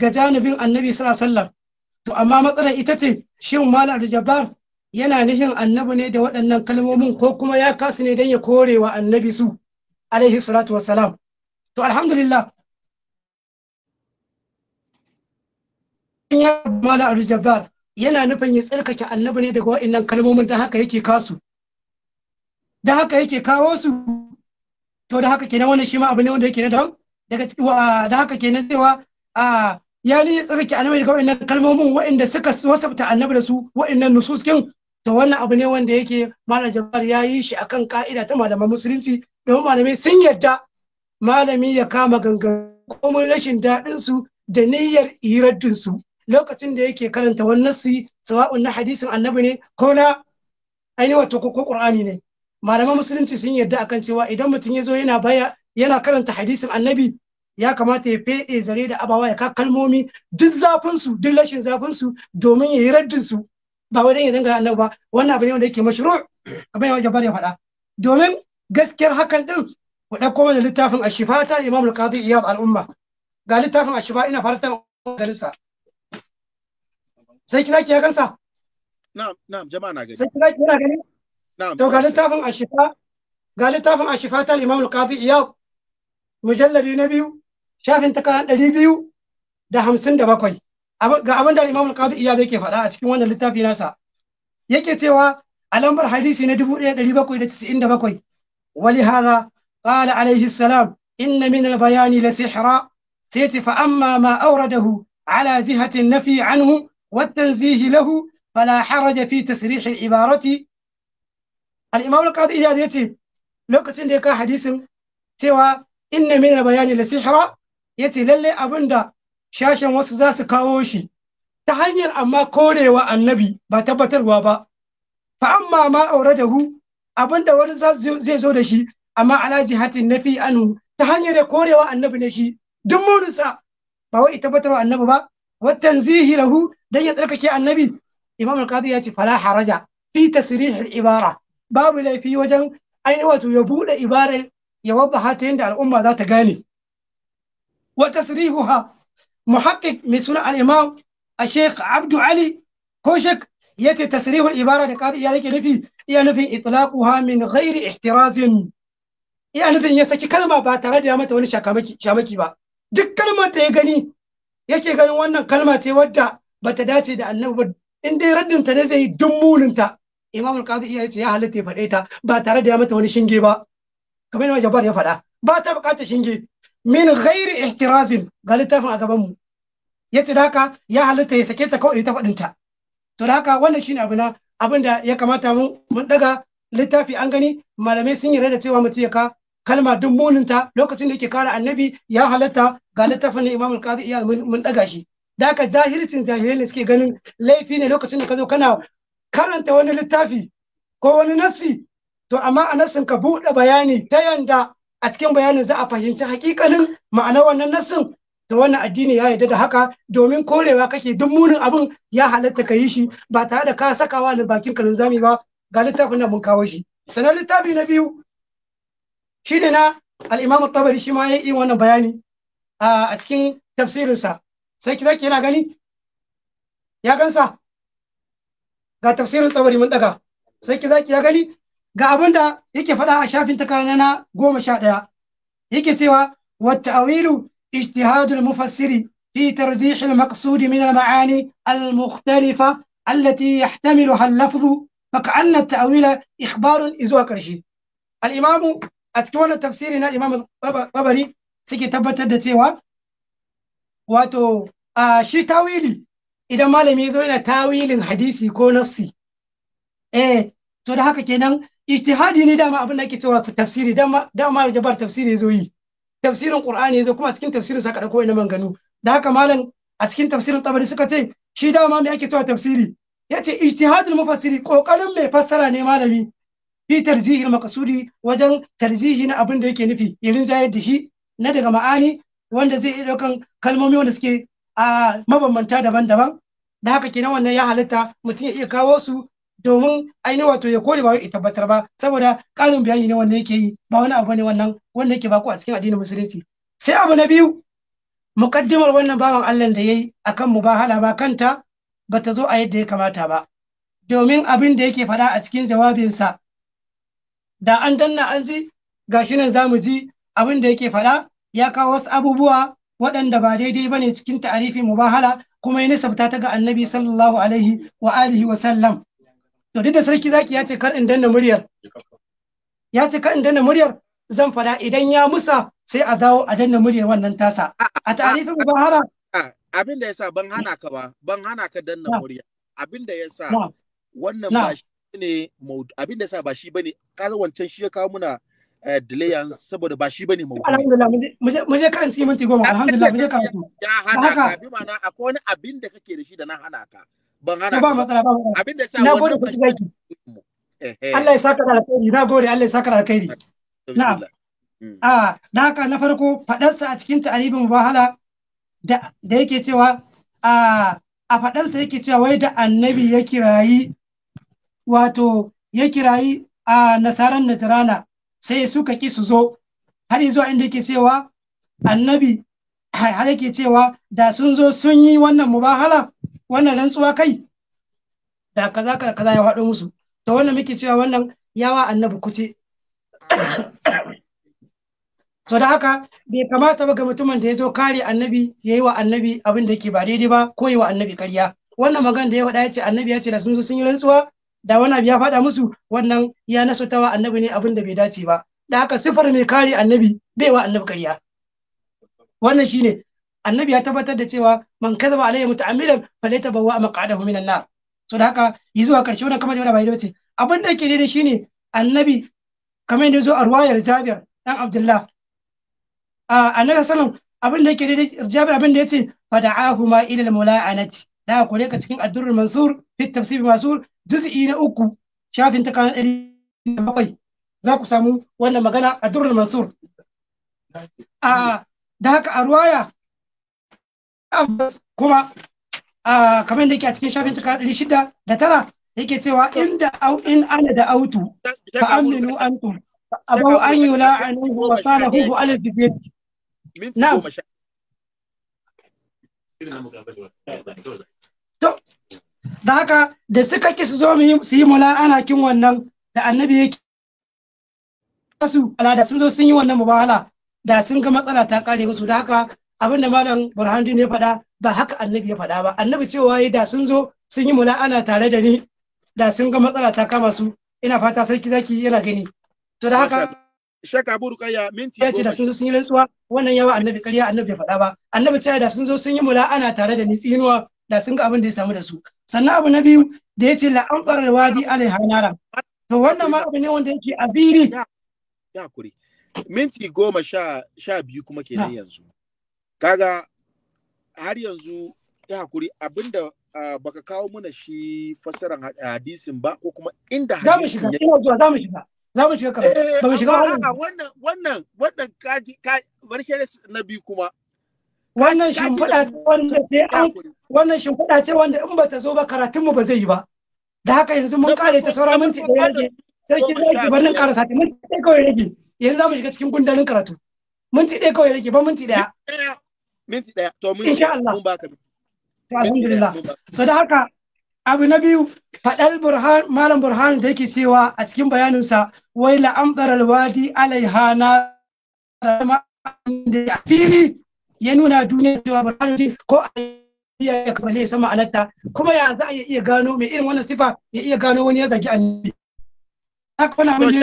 ga janibin Annabi sallallahu alaihi wasallam. To amma matsalar ita ce shin Malam Abdul yana nihin annabi ne da waɗannan kalmomin ko kuma ya kasu ne don ya korewa annabi su alaihi salatu wassalam. To alhamdulillah mala arjabar yana nufin ya tsarkake annabi ne daga wa'annan kalmomin da haka yake kasu don haka yake kawo su to da haka kenan wannan shi ma abu ne wanda yake na don daga da haka kenan cewa a ya ni ya tsarki annabi daga wa'annan kalmomin wa'anda suka wasabta annabi da su wa'annan nususkin to wannan abu ne wanda yake malam jabar ya yi shi akan ka'ida ta malaman musulunci domin malamai sun yarda malami ya kama gangan komai rashin daɗinsu da niyyar iraddin su lokacin da yake karanta wani nassi sawa'un na hadisin annabi ne ko na ainihin wato ko qur'ani ne malaman musulunci sun yarda akan cewa idan mutum ya zo yana baya yana karanta hadisin annabi ya kamata ya feɗe zare da abawa ya ka kalmomi duk zafin su duk rashin zafin su domin ya yi raddin su ba wai dan ya danga annabi ba wannan abu ne wanda yake mashru kamar yadda Jabbar ya faɗa domin gaskiyar hakan din ku ɗauko mana littafin ashifata imam al-qadi iyab al-umma ga littafin ashifa ina fatan garinsa sarki ki ya gansa na'am na'am jama'a na gani sarki ki yana gani na'am to ga littafin ashifa ga littafin ashifa ta imam al-qadi iyad mujalladi na biyu shafin ta kan 200 da ga abin da imam al-qadi iyad yake faɗa a cikin wannan littafi nasa yake cewa a lambar hadisi na 1797 wali hada قال عليه السلام إن من البيان amma سيتي فأما ما أورده على جهة النفي عنه والتنزيه له فلا حرج في تصريح العبارة الإمام القاضي إياد يتي lokacin da ya kai hadisin cewa inna min bayani da sihira. Ya ce lallai abinda sashen wasu za su kawo shi ta hanyar amma korewa annabi ba tabbatarwa ba fa amma ma auradahu abin da wani zai zo da shi amma ala jihatin nafi anu ta hanyar korewa annabi ne shi duk muninsa ba wai tabbatarwa annabi ba wa tanzihi lahu dan ya tsarkake annabi imam al-qadi ya ce fala haraja fi tasrih ibara babu laifi wajen ainihin wato ya bude ibarar ya wadda ta yadda al'umma za ta gane wa tasrihuha muhaqqiq mai suna al-imam الشيخ عبد علي كوشك يتي تسريح العبارة لقاضي يالك نفي ينفي إطلاقها من غير احتراز ينفي يسكي كلمة باترد يا متى وني شامكي با duk kalmar da ya gani yake ganin wannan kalma ce wadda bata dace da annabi ba in dai raddin ta ne zai yi dun munin ta imam al-qadi iya ce ya halatta ya faɗe ba tare da ya mata wani shinge ba kamar yadda jabbar ya faɗa ba ta bukata shinge min ghairi ihtirazin ga littafin a gaban mu yace da haka ya halatta ya sake ta kawai ta faɗin ta to da haka wannan shine abu abinda ya kamata mun mun daga littafi an gani malamai sun yarda da cewa mutum ya ka kalma duk muninta lokacin da yake kara annabi ya halatta ga littafin na imamul qazi iya mun daga shi da ka zahircin zahirai ne suke ganin laifi ne lokacin da ka zo kana karanta wani littafi ko wani nassi to amma a nassin ka buɗe bayani ta yanda a cikin bayanin za a fahimci hakikanin ma'anar wannan nassin to wannan addini ya yarda da haka domin korewa kake duk munin abin ya halatta ka yi shi ba tare da ka sakawa da bakin ka zami ba ga littafin nan mun kawo shi sanar littafi na biyu shi ne na al'imam tabari shi ma ya yi wannan bayani a cikin tafsirinsa sai ki zaki yana gani ya gansa ga tafsirin tabari mun daga sai ki zaki ya gani ga abin da yake faɗa a shafin ta na goma sha ɗaya yake cewa والتأويل اجتهاد المفسر في ترجيح المقصود من المعاني المختلفة التي يحتملها اللفظ فكأن التأويل إخبار إزواكرشي الإمام a cikin wannan tafsiri na imam babari suke tabbatar da cewa wato a shi tawili idan malami ya zo yana tawilin hadisi ko nassi eh to da haka kenan ijtihadi ne dama abin da ake cewa tafsiri dama dama jabar tafsiri zo yi tafsirin qur'ani yazo kuma a cikin tafsirin sa kada ko ina manganu da haka malam a cikin tafsirin tabari suka ce shi dama me ake cewa tafsiri yace ijtihadul mufassiri kokarin mai fassara ne malami fi tarzihi makasudi wajen tarzihi na abin da yake nufi irin zayar da shi na daga ma'ani wanda zai iya daukan kalmomi wanda suke a mabambanta daban-daban da haka kenan wannan ya halitta mutum ya iya kawo su domin ainihin wato ya kore ba wai tabbatar ba saboda ƙarin bayani ne wanda yake yi ba wani abu ne wannan wanda yake bako a cikin addinin musulunci sai abu na biyu mukaddimar wannan bawan Allah da yayi akan mu mubahala ma kanta bata zo a yadda ya kamata ba domin abin da yake faɗa a cikin jawabinsa da an danna an ji gashi nan za mu ji abin da yake faɗa ya kawo wasu abubuwa waɗanda ba daidai ba ne cikin ta'arifi mubahala kuma ya nisabta ta ga annabi sallallahu alaihi wa alihi wa sallam to duk da sarki zaki ya ce kar in danna muryar ya ce kar in danna muryar zan faɗa idan ya musa sai a dawo a danna muryar wannan tasa a ta'arifin mubahala abin da yasa ban hana ka ba ban hana ka danna murya abin da yasa wannan ba shi ne abin da sa ba shi wancan shi ya kawo muna eh, delay saboda ba shi maudu alhamdulillah mu je ci minti goma alhamdulillah da kake da shi na hana ka sa ah, a cikin ta'aribin wahala da yake cewa a ah, a faɗansa yake cewa wai da annabi ya kirayi wato ya kirayi a nasaran najrana sai suka ki su zo har zuwa inda ke cewa annabi har yake cewa da sun zo sun yi wannan mubahala wannan rantsuwa kai da kaza kaza ya haɗu musu to wannan muke cewa wannan yawa annabi kuce to da haka bai kamata ba ga mutumin da ya zo kare annabi ya yi wa annabi abin da yake ba daidai ba ko yi wa annabi karya wannan magana da ya faɗa ya ce annabi ya ce da sun zo sun yi rantsuwa da wani abu ya faɗa musu wannan ya nasutawa annabi ne abin da bai dace ba da haka sifar mai kare annabi bai wa annabi ƙarya wannan shine annabi ya tabbatar da cewa man kadaba alayya muta'ammidan falaita bawa maqadahu minan nar to da haka yi zuwa karshe wannan kamar yana bai da ce abin da yake daidai shine annabi kamar yadda zo a ruwayar Jabir dan Abdullah a annabi sallallahu abin da yake daidai Jabir abin da yace fada'ahuma ila al-mula'anati da ka kore ka cikin addurrul mansur fit tafsir mansur juz'i na uku shafin ta kan ɗari bakwai za ku samu wannan magana a durul mansur a da haka a ruwaya kuma a kamar da yake a cikin shafin ta kan ɗari shida da tara yake cewa inda au in ana da autu fa aminu antum abau an yula anuhu wa kana hubu alal bibiyati na'am da haka da suka ki su zo su yi mula'ana kin wannan da annabi yake su da sun zo sun yi wannan mubahala da sun ga matsala ta kare musu da haka abin da malam burhanuddin ya faɗa ba haka annabi ya faɗa ba annabi cewa yi da sun zo sun yi mula'ana tare da ni da sun ga matsala ta kama su ina fata sarki zaki yana gani to da haka shaka burukaya minti ya ce da sun zo sun yi rantsuwa wannan yawa annabi kariya annabi ya faɗa ba annabi cewa da sun zo sun yi mula'ana tare da ni tsinuwa da sun ga abin da ya samu da su sannan abu na biyu da ya ce la'an ɓarar wadi alai hanara to wannan ma abu ne wanda ya ce a biri ya kuri minti goma sha sha biyu kuma ke nan yanzu kaga har yanzu ya hakuri abinda baka kawo mana shi fasaran hadisin ba ko kuma inda hadisin za mu shiga ina zuwa za mu shiga za mu shiga kamar eh, ba mu shiga wannan wannan wannan kaji kaji na biyu kuma wannan shimfiɗa ce wanda sai an wannan shimfiɗa ce wanda in bata zo ba karatunmu ba zai yi ba da haka yanzu mun kare ta saura minti da rage sarki zaki bannin karasa ta minti ɗaya kawai rage yanzu za mu shiga cikin gundarin karatu minti ɗaya kawai rage ba minti ɗaya minti ɗaya to mun insha Allah mun baka to alhamdulillah so da haka abu na biyu faɗal burhan malam burhan da yake cewa a cikin bayaninsa wai la'amdar alwadi alaiha na da fili ya nuna duniya cewa burhanuddin ko a iya ya kamar ya san ma'anarta kuma ya za a iya gano mai irin wannan sifa ya iya gano wani ya zagi annabi haka wani abin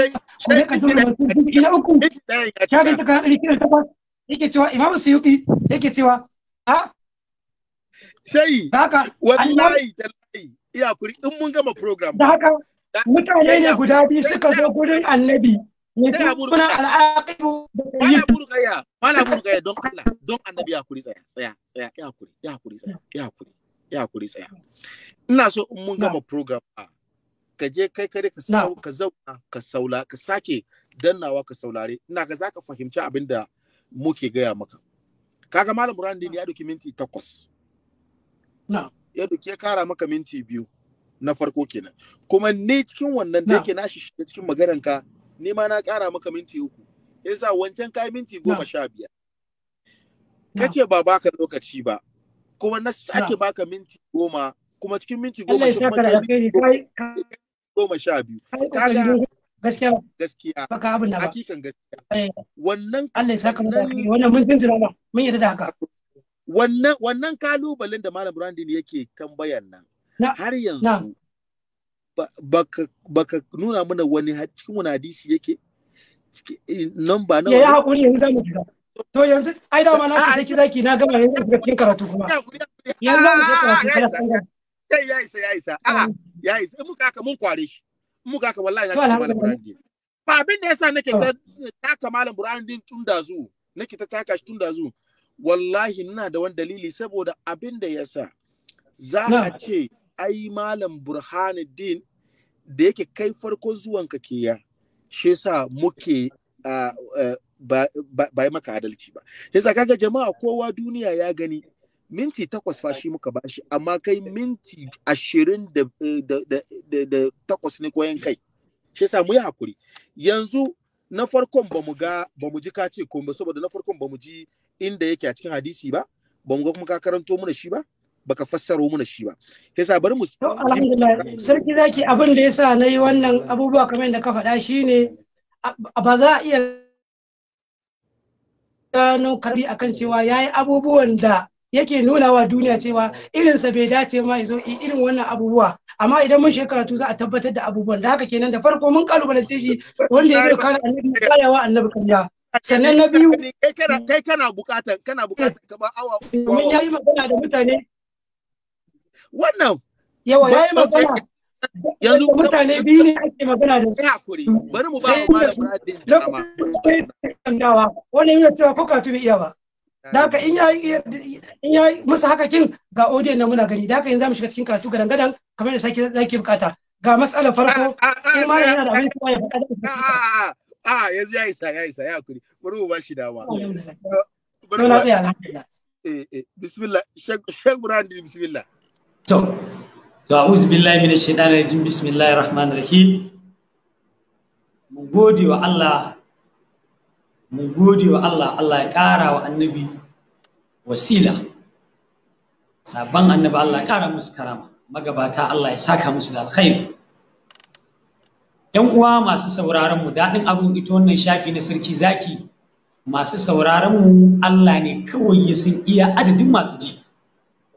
da ya ka dole mutum ina uku ta ga ta hadari kiran takwas yake cewa imam suyuti yake cewa a shayi haka wallahi tallahi iya kuri in mun gama program da haka mutane ne guda biyu suka zo gurin annabi Taya buru kaya. buru kaya don Allah. Don annabi ya kuri tsaya. Tsaya. Tsaya. Ya kuri. Ya kuri tsaya. Ya kuri. Ya kuri tsaya. Ina so in mun gama program ah, ka je kai kare ka sau ka zauna ka saula ka sake dannawa ka saulare ina ga zaka fahimci abin da muke gaya maka kaga malam Buran ya doki minti takwas ya doki ya kara maka minti biyu na farko kenan kuma ne cikin wannan da yake nashi cikin maganar ka ni ma na ƙara maka minti uku yasa wancan kai minti goma sha biyar kace ba baka lokaci ba kuma na sake baka minti goma kuma cikin minti goma sha goma sha biyu kaga gaskiya gaskiya baka abin da ba hakikan gaskiya eh. wannan Allah ya saka mu wannan mun jinjira ba mun yarda da haka wannan wannan kalubalen da malam Brandin yake tambayar nan har yanzu baka nuna mana wani cikin wani hadisi yake eh, nan ba na yayi hakuri yanzu zamu shiga to yanzu ai da ma na ci zaki zaki na gama yanzu shiga cikin karatu kuma yanzu zamu shiga karatu kai ya isa ya isa a'a ya isa mu kaka mun kware shi mu kaka wallahi na ci malam burandi ba abin da yasa nake ta taka malam burandi tun da zu nake ta taka shi tun da zu wallahi ina da wani dalili saboda abin da yasa za a ce ai malam burhanuddin da yake kai farko zuwanka ke ya shi sa muke ba yi maka adalci ba sa kaga jama'a kowa duniya ya gani minti takwas fa shi muka bashi amma kai minti ashirin e, da, takwas ne koyan kai shi sa mu yi hakuri yanzu na farkon ba mu ga ba mu ji ka ce ko saboda na farkon ba mu ji inda yake a cikin hadisi ba ba mu ga kuma ka karanto mu da shi ba baka fassaro mana shi ba sa bari mu sarki zaki abin da yasa nayi wannan abubuwa kamar da ka faɗa shine ba za a iya gano kari akan cewa yayi abubuwan da yake nuna wa duniya cewa sa bai dace ma zo irin wannan abubuwa amma idan mun shekara tu za a tabbatar da abubuwan da haka kenan da farko mun kalubale ciki wanda ya zo kana annabi kaya wa annabi sannan na biyu kai kana bukatan kana bukatan ka ba awa mun yayi magana da mutane wannan yawa ya magana yanzu mutane biyu ne ake magana da ya bari mu ba mu malam Ibrahim dama wannan yana cewa ko ka tubi iya ba Daka in yayi in musu haka kin ga audio na muna gani daka yanzu mu shiga cikin karatu gadan gadan kamar da sake zaki bukata ga matsalar farko ah, ah, ah, in ma yana da abin kuma ya bukata a yanzu ya isa ya isa ya hakuri bari mu ba shi dama bari mu ba shi dama eh, eh, bismillah shek bismillah To, to a'udhu billahi minash shi rajim bismillahir rahmanir rahim. Mu gode wa Allah mu gode wa Allah Allah ya ƙara wa annabi wasila. Sabon annabi Allah ya ƙara musu karama. Magabata Allah ya saka musu da alkhairi. ‘Yan uwa masu sauraron mu daɗin abin ita wannan shafi na sarki zaki masu sauraron mu Allah ne kawai ya san iya adadin masu ji.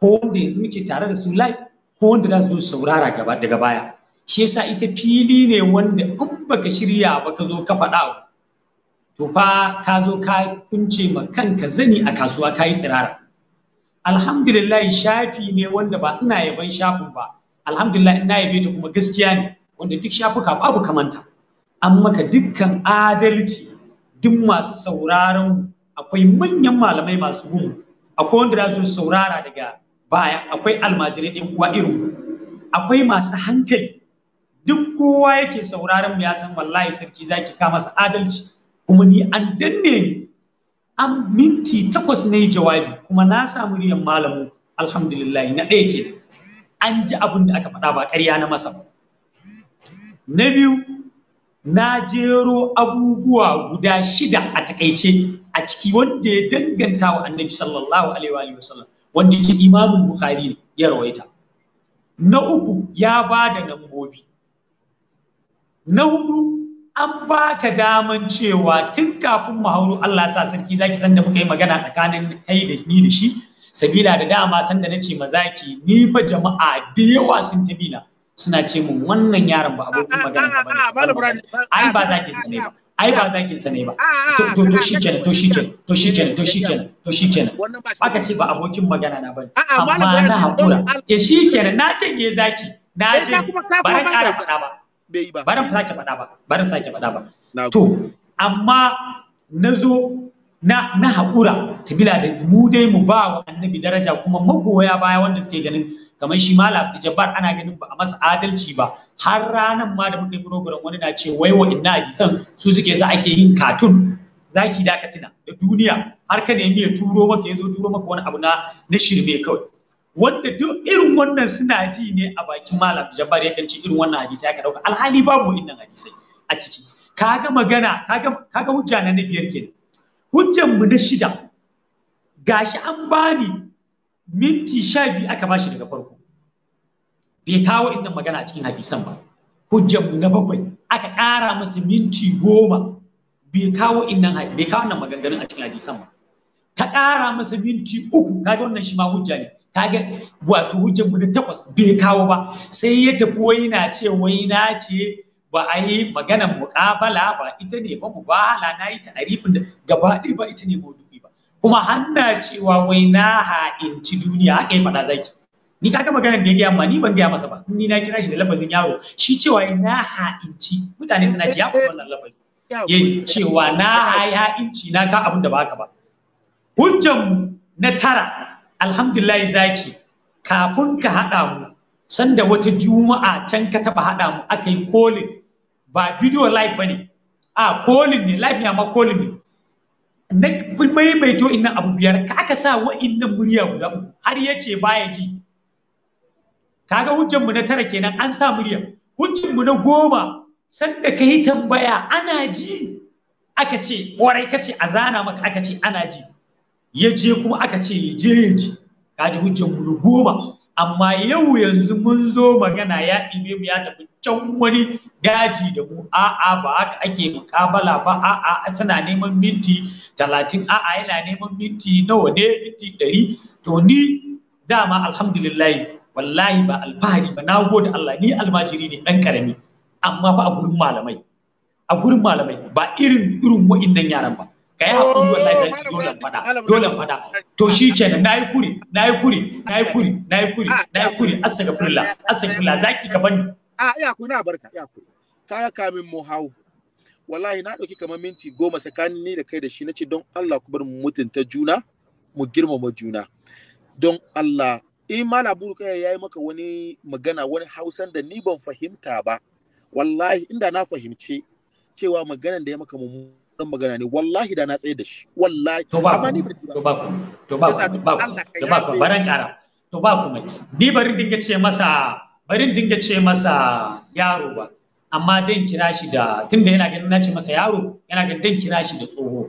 ko wanda yanzu muke tare da su live ko wanda za su zo saurara gaba daga baya shi yasa ita fili ne wanda in baka shirya ba ka zo ka faɗa to fa ka zo ka kunce ma kanka zani a kasuwa ka yi tsirara alhamdulillah shafi ne wanda ba ina yaban shafin ba alhamdulillah ina yabe ta kuma gaskiya ne wanda duk shafuka babu kamanta an maka dukkan adalci duk masu sauraron akwai manyan malamai masu gumu akwai wanda za su saurara daga baya akwai almajirai ɗin uwa irin akwai masu hankali duk kowa yake sauraron mu ya san wallahi sarki zaki ka masa adalci kuma ni an danne ni an minti takwas na yi jawabi kuma na samu riyan malamu alhamdulillah na ɗaya ke an ji abin da aka faɗa ba ƙarya na masa ba na biyu na jero abubuwa guda shida a takaice a ciki wanda ya danganta wa annabi sallallahu alaihi wa sallam wanda ya ce imamin bukhari ne ya rawaita na uku ya ba da nambobi na hudu an ba ka daman cewa tun kafin mu hauro Allah sa sarki zaki san da muka yi magana tsakanin kai da ni da shi sabila da dama san da nace mazaki ni fa jama'a da yawa sun na. suna ce mun wannan yaron ba abokin magana ba ai ba zaki sani ba ai ba zagin sa ne ba ah, ah, to to shi kenan to shi kenan to shi kenan to shi kenan to shi kenan aka ce ba abokin magana na bane amma na hakura ya shi kenan na canye zaki na je ba ran ƙara faɗa ba ba ran sake faɗa ba ba ran sake faɗa ba to amma na zo na na haƙura bila da mu dai mu ba wa annabi daraja kuma magoya baya wanda suke ganin kamar shi malam jabbar ana ganin ba a masa adalci ba har ranan ma da muka yi program wani na ce wai wa inna hadisan su suke sa ake yin katun zaki da katina da duniya har ka nemi ya turo maka ya zo turo maka wani abu na na shirme kawai wanda duk irin wannan suna ji ne a bakin malam jabbar ya kanci irin wannan hadisi aka dauka alhali babu innan hadisai a ciki kaga magana kaga kaga hujja na biyar kenan hujjan mu na shida gashi an bani minti sha biyu aka bashi daga farko bai kawo inda magana a cikin hadisan ba hujjan mu na bakwai aka ƙara masa minti goma bai kawo innan bai kawo nan maganganun a cikin hadisan ba ka ƙara masa minti uku ga wannan shi ma hujja ne ga wato hujjan mu na takwas bai kawo ba sai ya tafi wai na ce wai na ce ba a yi maganan muƙabala ba ita ne ba mubahala na yi ta'arifin da gaba ɗaya ba ita ne maudu'i ba kuma hanna cewa wai na ha'inci duniya haka yi faɗa zaki ni kaga maganar da ya gaya ma ni ban gaya masa ba ni na kira shi da lafazin yaro. shi cewa na ha'inci mutane suna ce ya ku wannan lafazin ya cewa na ha'inci na ka abin da ba ba hujjan na tara alhamdulillah zaki kafin ka haɗa mu sanda wata juma'a can ka taɓa haɗa mu aka yi kolin ba video live bane a calling ne live ne amma calling ne na maimaito inna abu biyar ka aka sa inna murya guda uku har ya ce baya ji kaga hujjan mu na tara kenan an sa murya hujjan mu na goma sanda kayi tambaya ana ji aka ce warai ka ce a zana maka aka ce ana ji ya je kuma aka ce ya je ya ji ka hujjan mu na goma amma yau yanzu mun zo magana ya ibe mu ya tafi can wani daji da mu a'a ba haka ake mukabala ba a'a suna neman minti talatin a'a yana neman minti nawa ne minti ɗari to ni dama alhamdulillahi wallahi ba alfahari ba na gode Allah ni almajiri ne ɗan ƙarami. amma ba a gurin malamai a gurin malamai ba irin irin wa'innan yaran ba ka yi haƙuri wallahi dan dole fada dole fada to shi ke nan, na yi kuri yi kuri yi kuri yi kuri yi kuri astagfirullah astagfirullah zaki ka bani a ya ku na barka ya ku kaga kamin mu hau wallahi na ɗauki kamar minti goma tsakanin ni da kai da shi na ce don Allah ku bar mu mutunta juna mu girmama juna don Allah in mala burkaya ya yi maka wani magana wani hausan da ni ban fahimta ba wallahi inda na fahimce cewa maganan da ya maka mummunan magana ne wallahi da na tsaye da shi wallahi amma ni ba to ba to ba to ba baran kara to ba kuma ni bari dinga ce masa bari dinga ce masa yaro ba amma dan kira shi da tunda yana ganin na ce masa yaro yana ganin dan kira shi da tsoho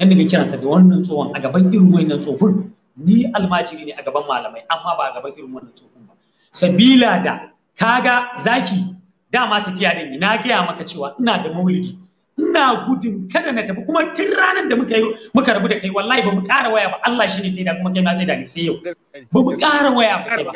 dan dinga sa, da wannan tsohon a gaban irin wannan tsohon ni almajiri ne a gaban malamai amma ba a gaban irin wannan tsohon ba sabila da kaga zaki dama tafiya da ni na gaya maka cewa ina da maulidi ina gudun kada na tafi kuma tun ranar da muka yi muka rabu da kai wallahi ba mu ƙara waya ba Allah shine sai da kuma kai ma sai da ni sai yau ba mu ƙara waya ba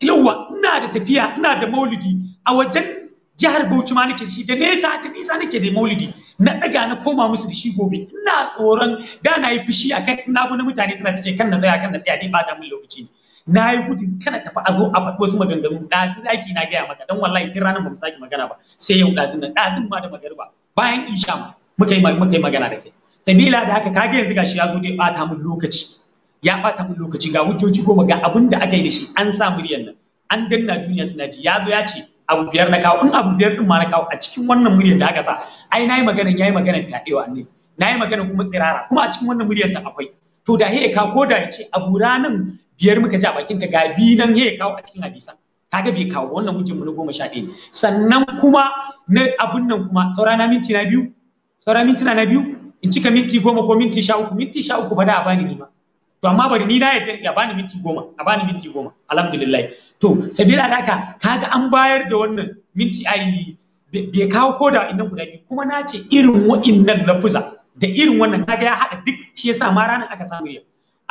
yawa ina da tafiya ina da maulidi a wajen jihar Bauchi ma nake shi da nesa da nisa nake da maulidi na daga na koma musu da shi gobe ina tsoron da na yi fushi akan na bu na mutane suna cike kan na tsaya kan na tsaya dai ba da mun lokaci na yi gudun kana tafi a zo a faɗi wasu maganganu da zaki na gaya maka dan wallahi tun ranar ba mu saki magana ba sai yau da nan ɗazun ma da magarba bayan isha ma muka yi magana da kai sabila da haka kage yanzu gashi ya zo dai bata mun lokaci ya bata mun lokaci ga hujjoji goma ga abun da aka yi da shi an sa muryan nan an danna duniya suna ji ya zo ya ce abu biyar na kawo in abu biyar din ma na kawo a cikin wannan muryar da aka sa ai nayi magana yayi magana kadewa annabi nayi magana kuma tsirara kuma a cikin wannan muryar sa akwai to da he ka ko da ya ce abu ranan biyar muka ji a bakin ka ga bi nan he kawo a cikin hadisan kaga bai kawo wannan hujjar mu na goma sha ɗaya sannan kuma na abun nan kuma saura na minti na biyu saura minti na biyu in cika minti goma ko minti sha uku minti sha uku ba da a bani ni ba to amma bari ni na yadda ya bani minti goma a bani minti goma alhamdulillah to sabila da haka kaga an bayar da wannan minti ai bai kawo koda inda guda biyu kuma na ce irin wa'innan lafuza da irin wannan kaga ya haɗa duk shi yasa ma ranar aka samu yau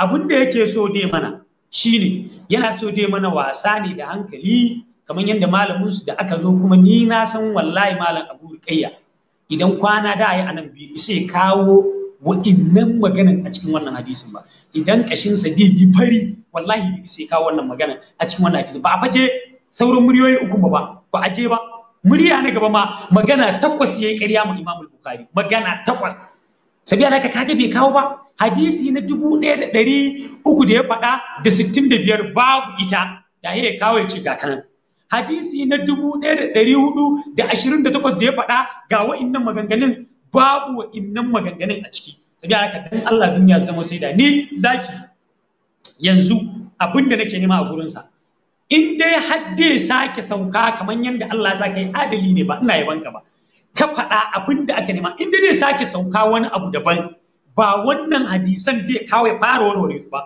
abin da yake so dai mana shine yana so dai mana wasa ne da hankali kamar yadda malamin su da aka zo kuma ni na san wallahi malam Abu Rukayya idan kwana da ayi anan biyu sai kawo wa'innan maganan a cikin wannan hadisin ba idan sa dai yi fari wallahi sai ka wannan maganan a cikin wannan hadisin ba a faje sauran muryoyi uku ba ba a je ba murya na gaba ma magana takwas yayi ƙarya ma Imam Bukhari magana takwas sabiya naka kage bai kawo ba hadisi na dubu ɗaya da ɗari uku da ya faɗa da sittin da biyar babu ita da ya kawo ya ce ga kanan hadisi na dubu ɗaya da ɗari hudu da ashirin da takwas da ya faɗa ga wa'innan maganganun babu wa innan maganganun a ciki sabi haka dan Allah duniya zama sai da ni zaki yanzu abinda da nake nema a gurinsa in dai hadde sake sauka kamar yadda Allah zaka yi adali ne ba ina yabanka ba ka faɗa abinda da aka nema in dai sake sauka wani abu daban ba wannan hadisan dai kawai fara warware su ba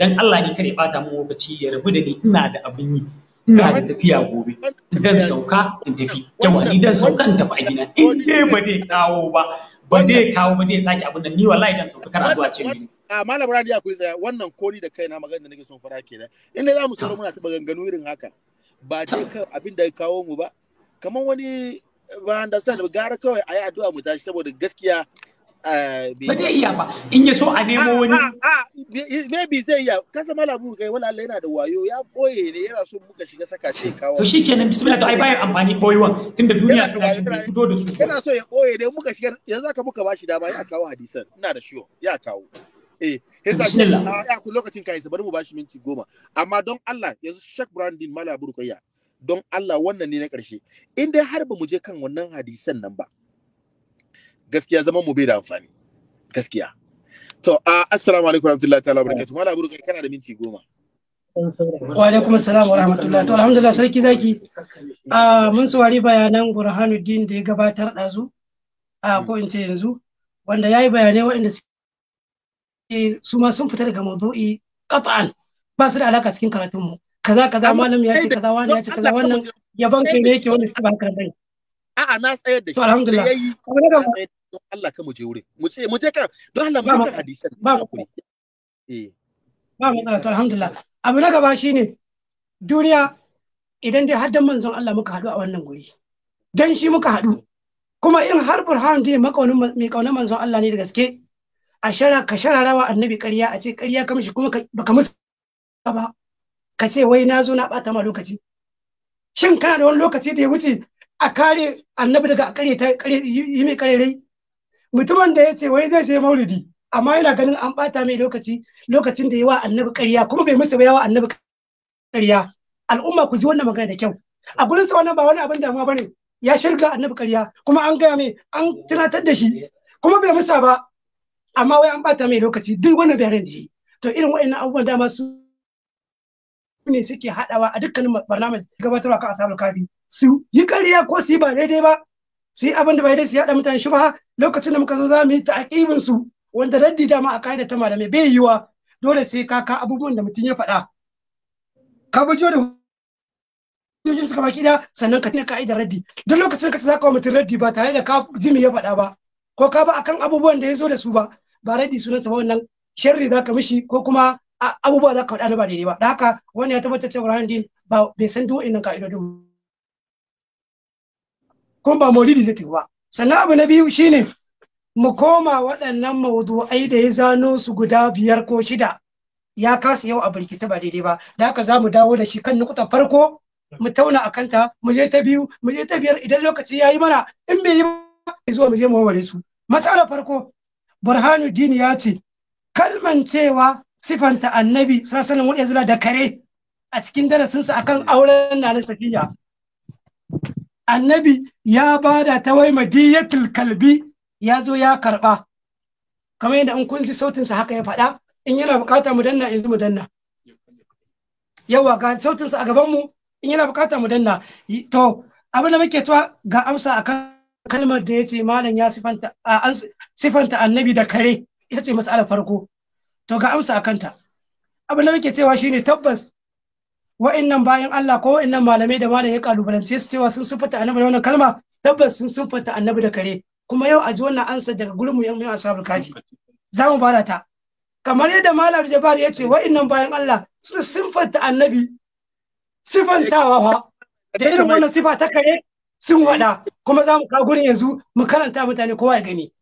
dan Allah ne kare bata mu lokaci ya rabu da ni ina da abin yi ina da tafiya gobe zan sauka in tafi yawa ni dan sauka in tafi a gida in dai ba dai kawo ba ba dai kawo ba dai sake abin da, ni wallahi idan sauka kar a zuwa ce mini a malam radi akwai tsaya wannan kori da kaina magana da nake son fara kenan in dai zamu saurara muna taba ganganu irin haka ba dai kan abin da ya kawo mu ba kamar wani ba understand gara kawai ayi addu'a mu tashi saboda gaskiya Eh, ba zai iya ba in ya so a nemo ah, wani ah, ah, eh, maybe zai iya kasa malamu kai wala Allah yana da wayo ya boye ne yana so muka shiga saka ce kawo to shikenan bismillah to ai bayan amfani boyuwan da duniya suna fito da su yana so ya boye ne muka shiga yanzu aka muka bashi dama ya kawo hadisan ina da shiwo ya kawo eh hesa ya ku lokacin kai bari mu bashi minti goma amma don Allah yanzu Sheikh Brandin Malabu ya don Allah wannan ne na ƙarshe in dai har ba mu je kan wannan hadisan nan ba gaskiya zaman mu bai da amfani gaskiya to a assalamu alaikum warahmatullahi ta'ala barakatuh mala buru kai kana da minti goma wa alaikum assalam warahmatullahi to alhamdulillah sarki zaki a mun saurari bayanan burhanuddin da ya gabatar dazu a ko in ce yanzu wanda yayi bayanai waɗanda su ma sun fita daga mawdu'i qat'an ba su da alaka cikin karatun mu kaza kaza malam ya ce kaza wani ya ce kaza wannan yaban kai ne yake wanda suka ba karatun a'a na tsayar da shi alhamdulillah don Allah ka mu je wurin mu ce mu je don Allah mu hadisan ba ku eh ba alhamdulillah abu na gaba shine duniya idan dai haddan manzon Allah muka haɗu a wannan guri dan shi muka haɗu kuma in har burhan dai makaunin mai kauna manzon Allah ne da gaske a shara ka shararawa annabi ƙarya a ce ƙarya ka mishi kuma baka musu ba ka ce wai na zo na ɓata ma lokaci shin kana da wani lokaci da ya wuce a kare annabi daga kare yi mai kare rai mutumin da ya ce wai zai sai maulidi amma yana ganin an bata mai lokaci lokacin da yawa annabi kariya kuma bai musu yawa annabi kariya al'umma ku ji wannan magana da kyau a gurin sa wannan ba wani abin damuwa bane ya shirga annabi kariya kuma an gaya mai an tunatar da shi kuma bai musa ba amma wai an bata mai lokaci duk wannan bayanan da yi to irin wa'annan abubuwan dama su ne suke haɗawa a dukkanin barnamas gabatarwa kan ashabul kafi su yi ƙarya ko su yi ba daidai ba su yi abin da ba daidai su yaɗa mutane shi ba lokacin da muka zo za mu yi ta'aƙibin su wanda raddi dama a kaida ta malamai bai yiwa dole sai ka ka abubuwan da mutum ya faɗa ka bujo da hujjoji suka baki da sannan ka ka'idar raddi duk lokacin da ka zaka wa mutum raddi ba tare da ka jimi ya faɗa ba ko ka ba akan abubuwan da ya zo da su ba ba raddi sunansa ba wannan sharri zaka mishi ko kuma abubuwa za ka faɗa da ba daidai ba da haka wani ya tabbatar cewa Burhan Din ba bai san duk wa'annan ka'idodin Ko ba maulidi zai ba sannan abu na biyu shine mu koma waɗannan mawdu'ai da ya zano su guda biyar ko shida ya kasa yau a birkice ba daidai ba da haka za mu dawo da shi kan nukuta farko mu tauna a kanta mu je ta biyu mu je ta biyar idan lokaci ya yi mana in bai yi ba zuwa mu je mu warware su matsalar farko burhanuddin ya ce kalman cewa sifanta annabi sallallahu alaihi wasallam da kare a cikin darasinsa akan auren na safiya annabi ya bada ta wai madiyatul kalbi ya zo ya karba kamar yadda in kun ji sautinsa haka ya faɗa in yana bukata mu danna yanzu mu danna yawa ga sautinsa a gaban mu in yana bukata mu danna to abin da muke tuwa ga amsa akan kalmar da ya ce malam ya sifanta sifanta annabi da kare ita ce mas'alar farko to ga amsa a kanta abin da muke cewa shine tabbas wa'annan bayan Allah ko wa'annan malamai da malam ya kalubalance su cewa sun sufata annabi da wannan kalma tabbas sun sufata annabi da kare kuma yau a ji wannan ansa daga gurin mu a ashabul kafi za mu bada ta kamar yadda malam Jabari ya ce wa'annan bayan Allah sun sufata annabi sifantawa fa da irin wannan sifa ta kare sun wada kuma za mu kawo gurin yanzu mu karanta mutane kowa ya gani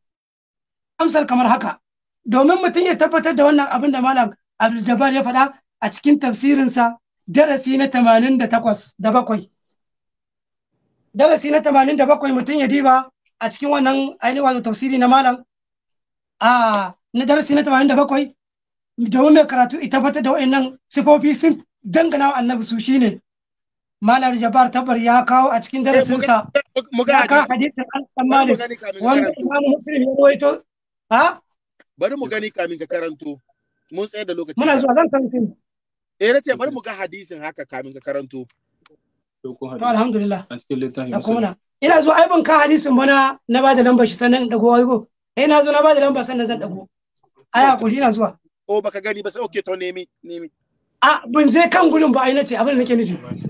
amsar kamar haka domin mutum ya tabbatar da wannan abin da malam abdul ya faɗa a cikin tafsirinsa darasi na tamanin da takwas da bakwai darasi na tamanin da bakwai mutum ya diba a cikin wannan ainihin wato tafsiri na malam a na darasi na tamanin da bakwai domin mai karatu ita fata da wa'annan sifofi sun dangana wa annabi su ne malam jabar tabar ya kawo a cikin darasinsa eh, ya kawo hadisin al-tsammani wanda imamu muslim ya rawaito ha bari mu gani kamin ka karanto mun tsaye da lokaci muna zuwa zan karanto eh nace bari mu ga hadisin haka kamin ka karanto to alhamdulillah a cikin littafin kuma ina zuwa ai ban ka hadisin bana na bada lambar shi sannan dago ai go eh na zo na bada lambar sannan zan dago ai hakuri ina zuwa oh baka gani ba sai okay to nemi nemi a bin zai kan gurin ba ai nace abin da nake nufi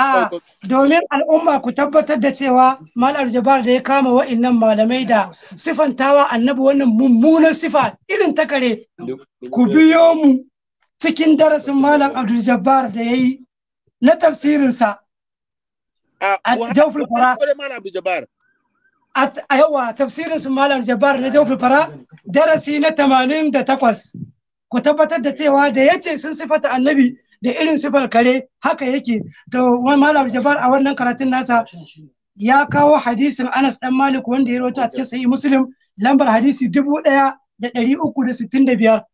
a domin al'umma ku tabbatar da cewa malar jabar da ya kama wa'innan malamai da sifantawa annabi wannan mummunan sifa irin ta kare ku biyo mu cikin darasin malam abdul jabbar da ya yi na tafsirinsa a jaufin fara a yawa tafsirin malam jabbar na jaufin fara darasi na 88 ku tabbatar da cewa da ya ce sun sifata annabi da irin sifar kare haka yake to malam jabar a wannan karatun nasa ya kawo hadisin Anas dan Malik wanda ya rawaito a cikin sahih Muslim lambar hadisi dubu ɗaya da ɗari uku da sittin da biyar.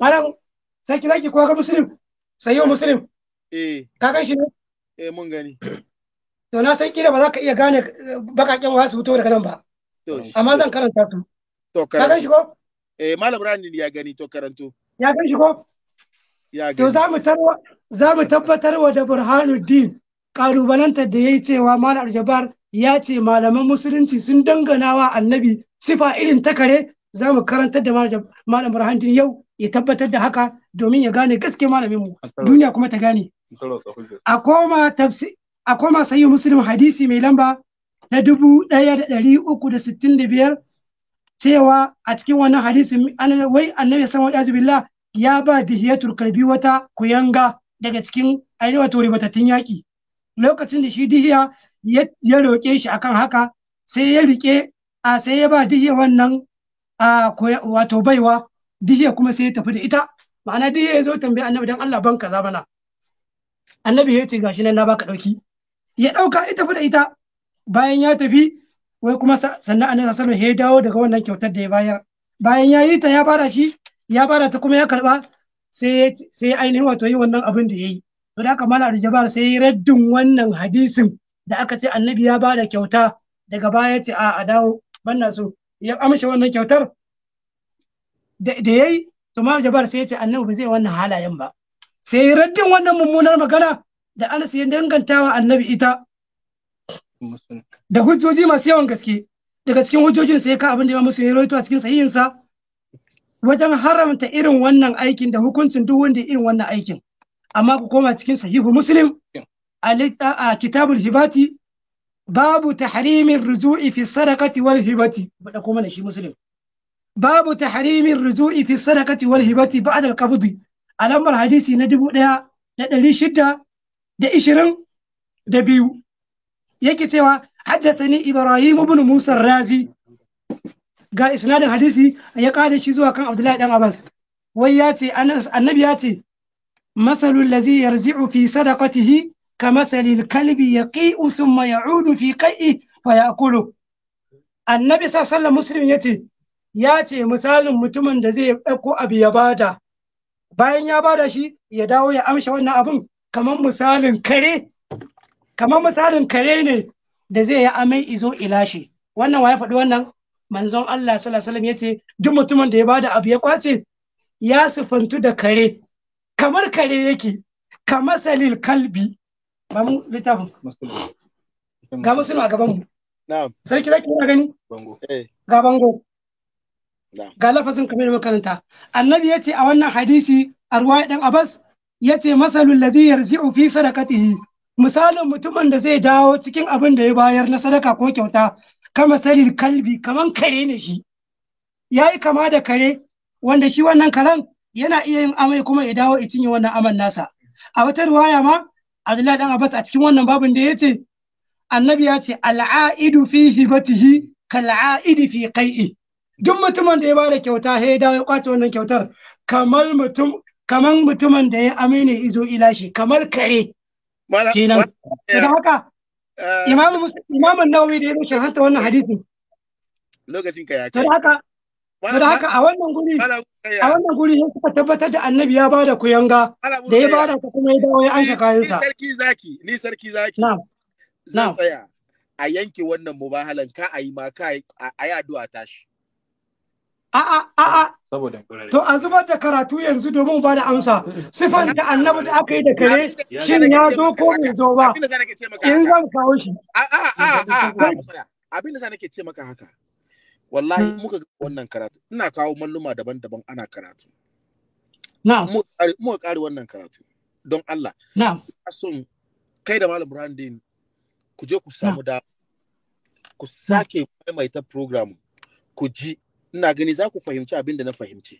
Malam sai ki zaki koga Muslim sahih Muslim. Eh. Ka gan shi ne? Eh mun gani. To na san kila ba za ka iya gane eh, bakaken wasu hoto daga nan ba. Amma zan karanta su. To karanta. Ka gan shi ko? Eh Malam Rani ya gani to karanto. Ya gan shi ko? To za mu tabbatar wa da Burhanuddin kalubalanta da ya yi cewa Malam Aljabar ya ce malaman musulunci sun dangana wa annabi sifa irin takare. kare za mu karantar da Malam Burhanuddin yau ya tabbatar da haka domin ya gane gaske malaminmu duniya kuma ta gane. A koma tafsir a sayi muslim hadisi mai lamba na dubu ɗaya da ɗari uku da sittin da biyar cewa a cikin wannan hadisi wai annabi san wa billah ya ba dihiyatul kalbi wata kuyanga daga cikin ainihin wuri ribatattun yaƙi lokacin da shi dihiya ya roƙe shi akan haka sai ya riƙe a sai ya ba dihiya wannan wato baiwa dihiya kuma sai ya tafi da ita ma'ana dihiya ya zo tambayi annabi dan Allah ban kaza mana annabi ya ce shi nan na baka ɗauki ya ɗauka ya tafi da ita bayan ya tafi wai kuma sannan annabi sallallahu alaihi wasallam ya dawo daga wannan kyautar da ya bayar bayan ya yi ta ya fara shi ya da ta kuma ya karba sai sai ainihin wato yi wannan abin da yayi to da haka malam aljabar sai ya raddin wannan hadisin da aka ce annabi ya bada kyauta daga baya ya ce a a dawo banna so ya amshe wannan kyautar da yayi to ma jabar sai ya ce annabi ba zai wannan halayen ba sai ya raddin wannan mummunar magana da Anas ya dangantawa annabi ita da hujjoji masu yawan gaske daga cikin hujjojin sai ka abin da ya musu ya rawaito a cikin sahihinsa wajen haramta irin wannan aikin da hukuncin duk wanda irin wannan aikin amma ku koma cikin sahihu muslim a kitabul hibati babu tahrimin ruzu'i fi sadaqati wal hibati bada koma da shi muslim babu tahrimin ruzu'i fi sadaqati wal hibati ba'd al qabdi alamar hadisi na dubu ɗaya da ɗari shida da ishirin da biyu yake cewa haddathani ibrahim ibn musa razi ga isnadin hadisi ya kare shi zuwa kan abdullahi dan abbas wai ya ce annabi ya ce masalul ladhi yarzi'u fi sadaqatihi kamasalil kalbi yaqi'u thumma ya'udu fi qai'i fa ya'kulu annabi sallallahu muslim ya ce ya ce misalin mutumin da zai ɗauko abu ya bada bayan ya bada shi ya dawo ya amsha wannan abin kamar misalin kare kamar misalin kare ne da zai ya amai izo ilashi wannan wa ya faɗi wannan manzon Allah sallallahu alaihi yace duk mutumin da ya bada abu ya kwace ya sifantu da kare kamar kare yake ka masalil kalbi ba mu littafin ga musulma a gaban mu sarki zaki yana gani eh. ga bango ga lafazin kamar makaranta annabi yace a wannan hadisi a ruwa dan abbas yace masalul ladhi yarzi'u fi sadaqatihi misalin mutumin da zai dawo cikin abin da ya bayar na sadaka ko kyauta kama salil kalbi kaman kare ne shi ya yi kama da kare wanda shi wannan karen yana iya yin amai kuma ya dawo ya cinye wannan aman nasa a wata ruwaya ma Abdullahi dan Abbas a cikin wannan babin da yace annabi ya ce al'aidu fi hibatihi kal'aidi fi qai'i duk mutumin da ya bada kyauta he dawo ya kwace wannan kyautar kamar mutum kamar mutumin da ya amai ne izo ila shi kamar kare kenan haka Eh, Imam Imam da ya hanta wannan hadisin. Lokacin haka a wannan guri a suka tabbatar da Annabi ya bada kuyanga da ya bada ta kuma ya dawo ya a yanke wannan mubahalan ka ayi ma ayi addu'a tashi. A'a, a'a. Saboda To a zubar da karatu yanzu domin ba da amsa. Sifan da annabi da aka yi da kare shin ya zo ko bai zo ba. In zan kawo shi. A'a, a'a, a'a. Abin da nake ce maka haka. Wallahi muka ga wannan karatu. Ina kawo malluma daban-daban ana karatu. Na'am. Muka kare wannan karatu. Don Allah. Na'am. Son kai da Malam Brandin ku je ku samu da ku sake maimaita program ku ji ina gani za ku fahimci abin da na fahimci.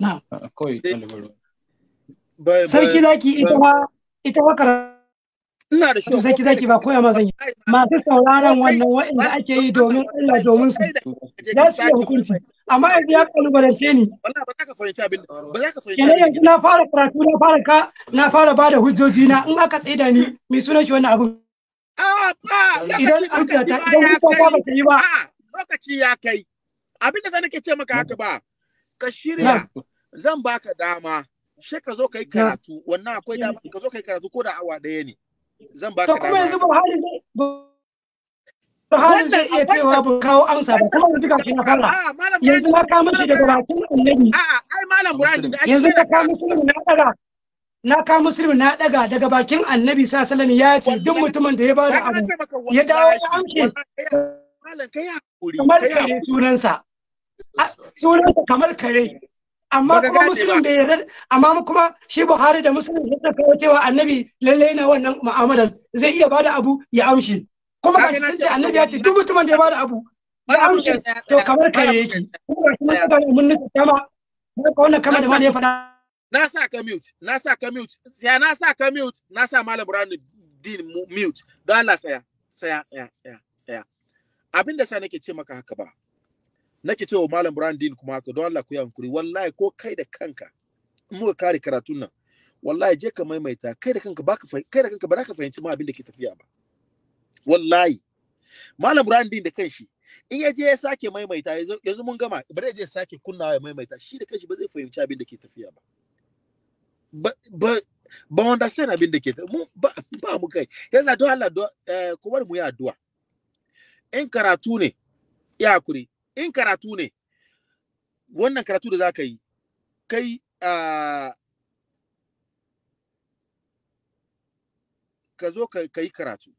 Na, kawai eh, Sarki zaki ita ma ita ma Ina da shi. Sarki zaki ba koya ma zan yi. Masu sauraron wannan wa'inda ake yi domin Allah domin su. Za su yi hukunci. Amma yanzu ya kalubalance ni. Wallahi ba za ka fahimci abin ba za ka fahimci. Kenan yanzu na fara karatu na fara ka na fara bada hujjoji na in aka tsaida ni me sunan shi wannan abin. Ah, idan an ta idan hujja ba ta yi ba. Ah, lokaci ya kai. abin da nake ce maka haka ba ka shirya zan baka dama she ka zo kai karatu wannan akwai dama ka zo kai karatu ko da awa daya ne zan baka dama to kuma yanzu Buhari zai zai iya cewa ba kawo amsa ba kuma yanzu ka na kalla yanzu ma kama shi daga bakin annabi a'a ai malam Burhan yanzu ka kama shi na daga na ka musulmi na daga daga bakin annabi sallallahu ya ce duk mutumin da ya bada abu ya dawo ya amshe kamar kare sunansa Ah, sunansa kamar kare amma kuma musulun bai yarda amma kuma shi buhari da muslim ya saka cewa annabi lalle na wannan mu'amalar zai iya bada abu ya amshi kuma ga sun ce annabi ya ce duk mutumin da ya bada abu ya amshi to kamar kare yake kuma shi mun gane mun nuka kama haka wannan kama da ma ya faɗa na sa ka mute na sa ka mute ya na sa ka mute na sa malam Brandon din mute don Allah tsaya tsaya tsaya tsaya tsaya abin da sa nake ce maka haka ba nake cewa malam brandin kuma haka don Allah ku yi hankuri wallahi ko kai da kanka in muka kare karatun nan wallahi je ka maimaita kai da kanka baka kai da kanka ba ka fahimci ma abin da ke tafiya ba wallahi malam brandin da kanshi in ya je ya sake maimaita yanzu mun gama ba zai je sake kunnawa ya maimaita shi da kanshi ba zai fahimci abin da ke tafiya ba ba ba ba understand abin da ke mu ba ba mu kai yanzu don Allah eh, ko mu yi addu'a in karatu ne ya hakuri in karatu ne wannan karatu da za ka yi kai ah, ka zo ka yi karatu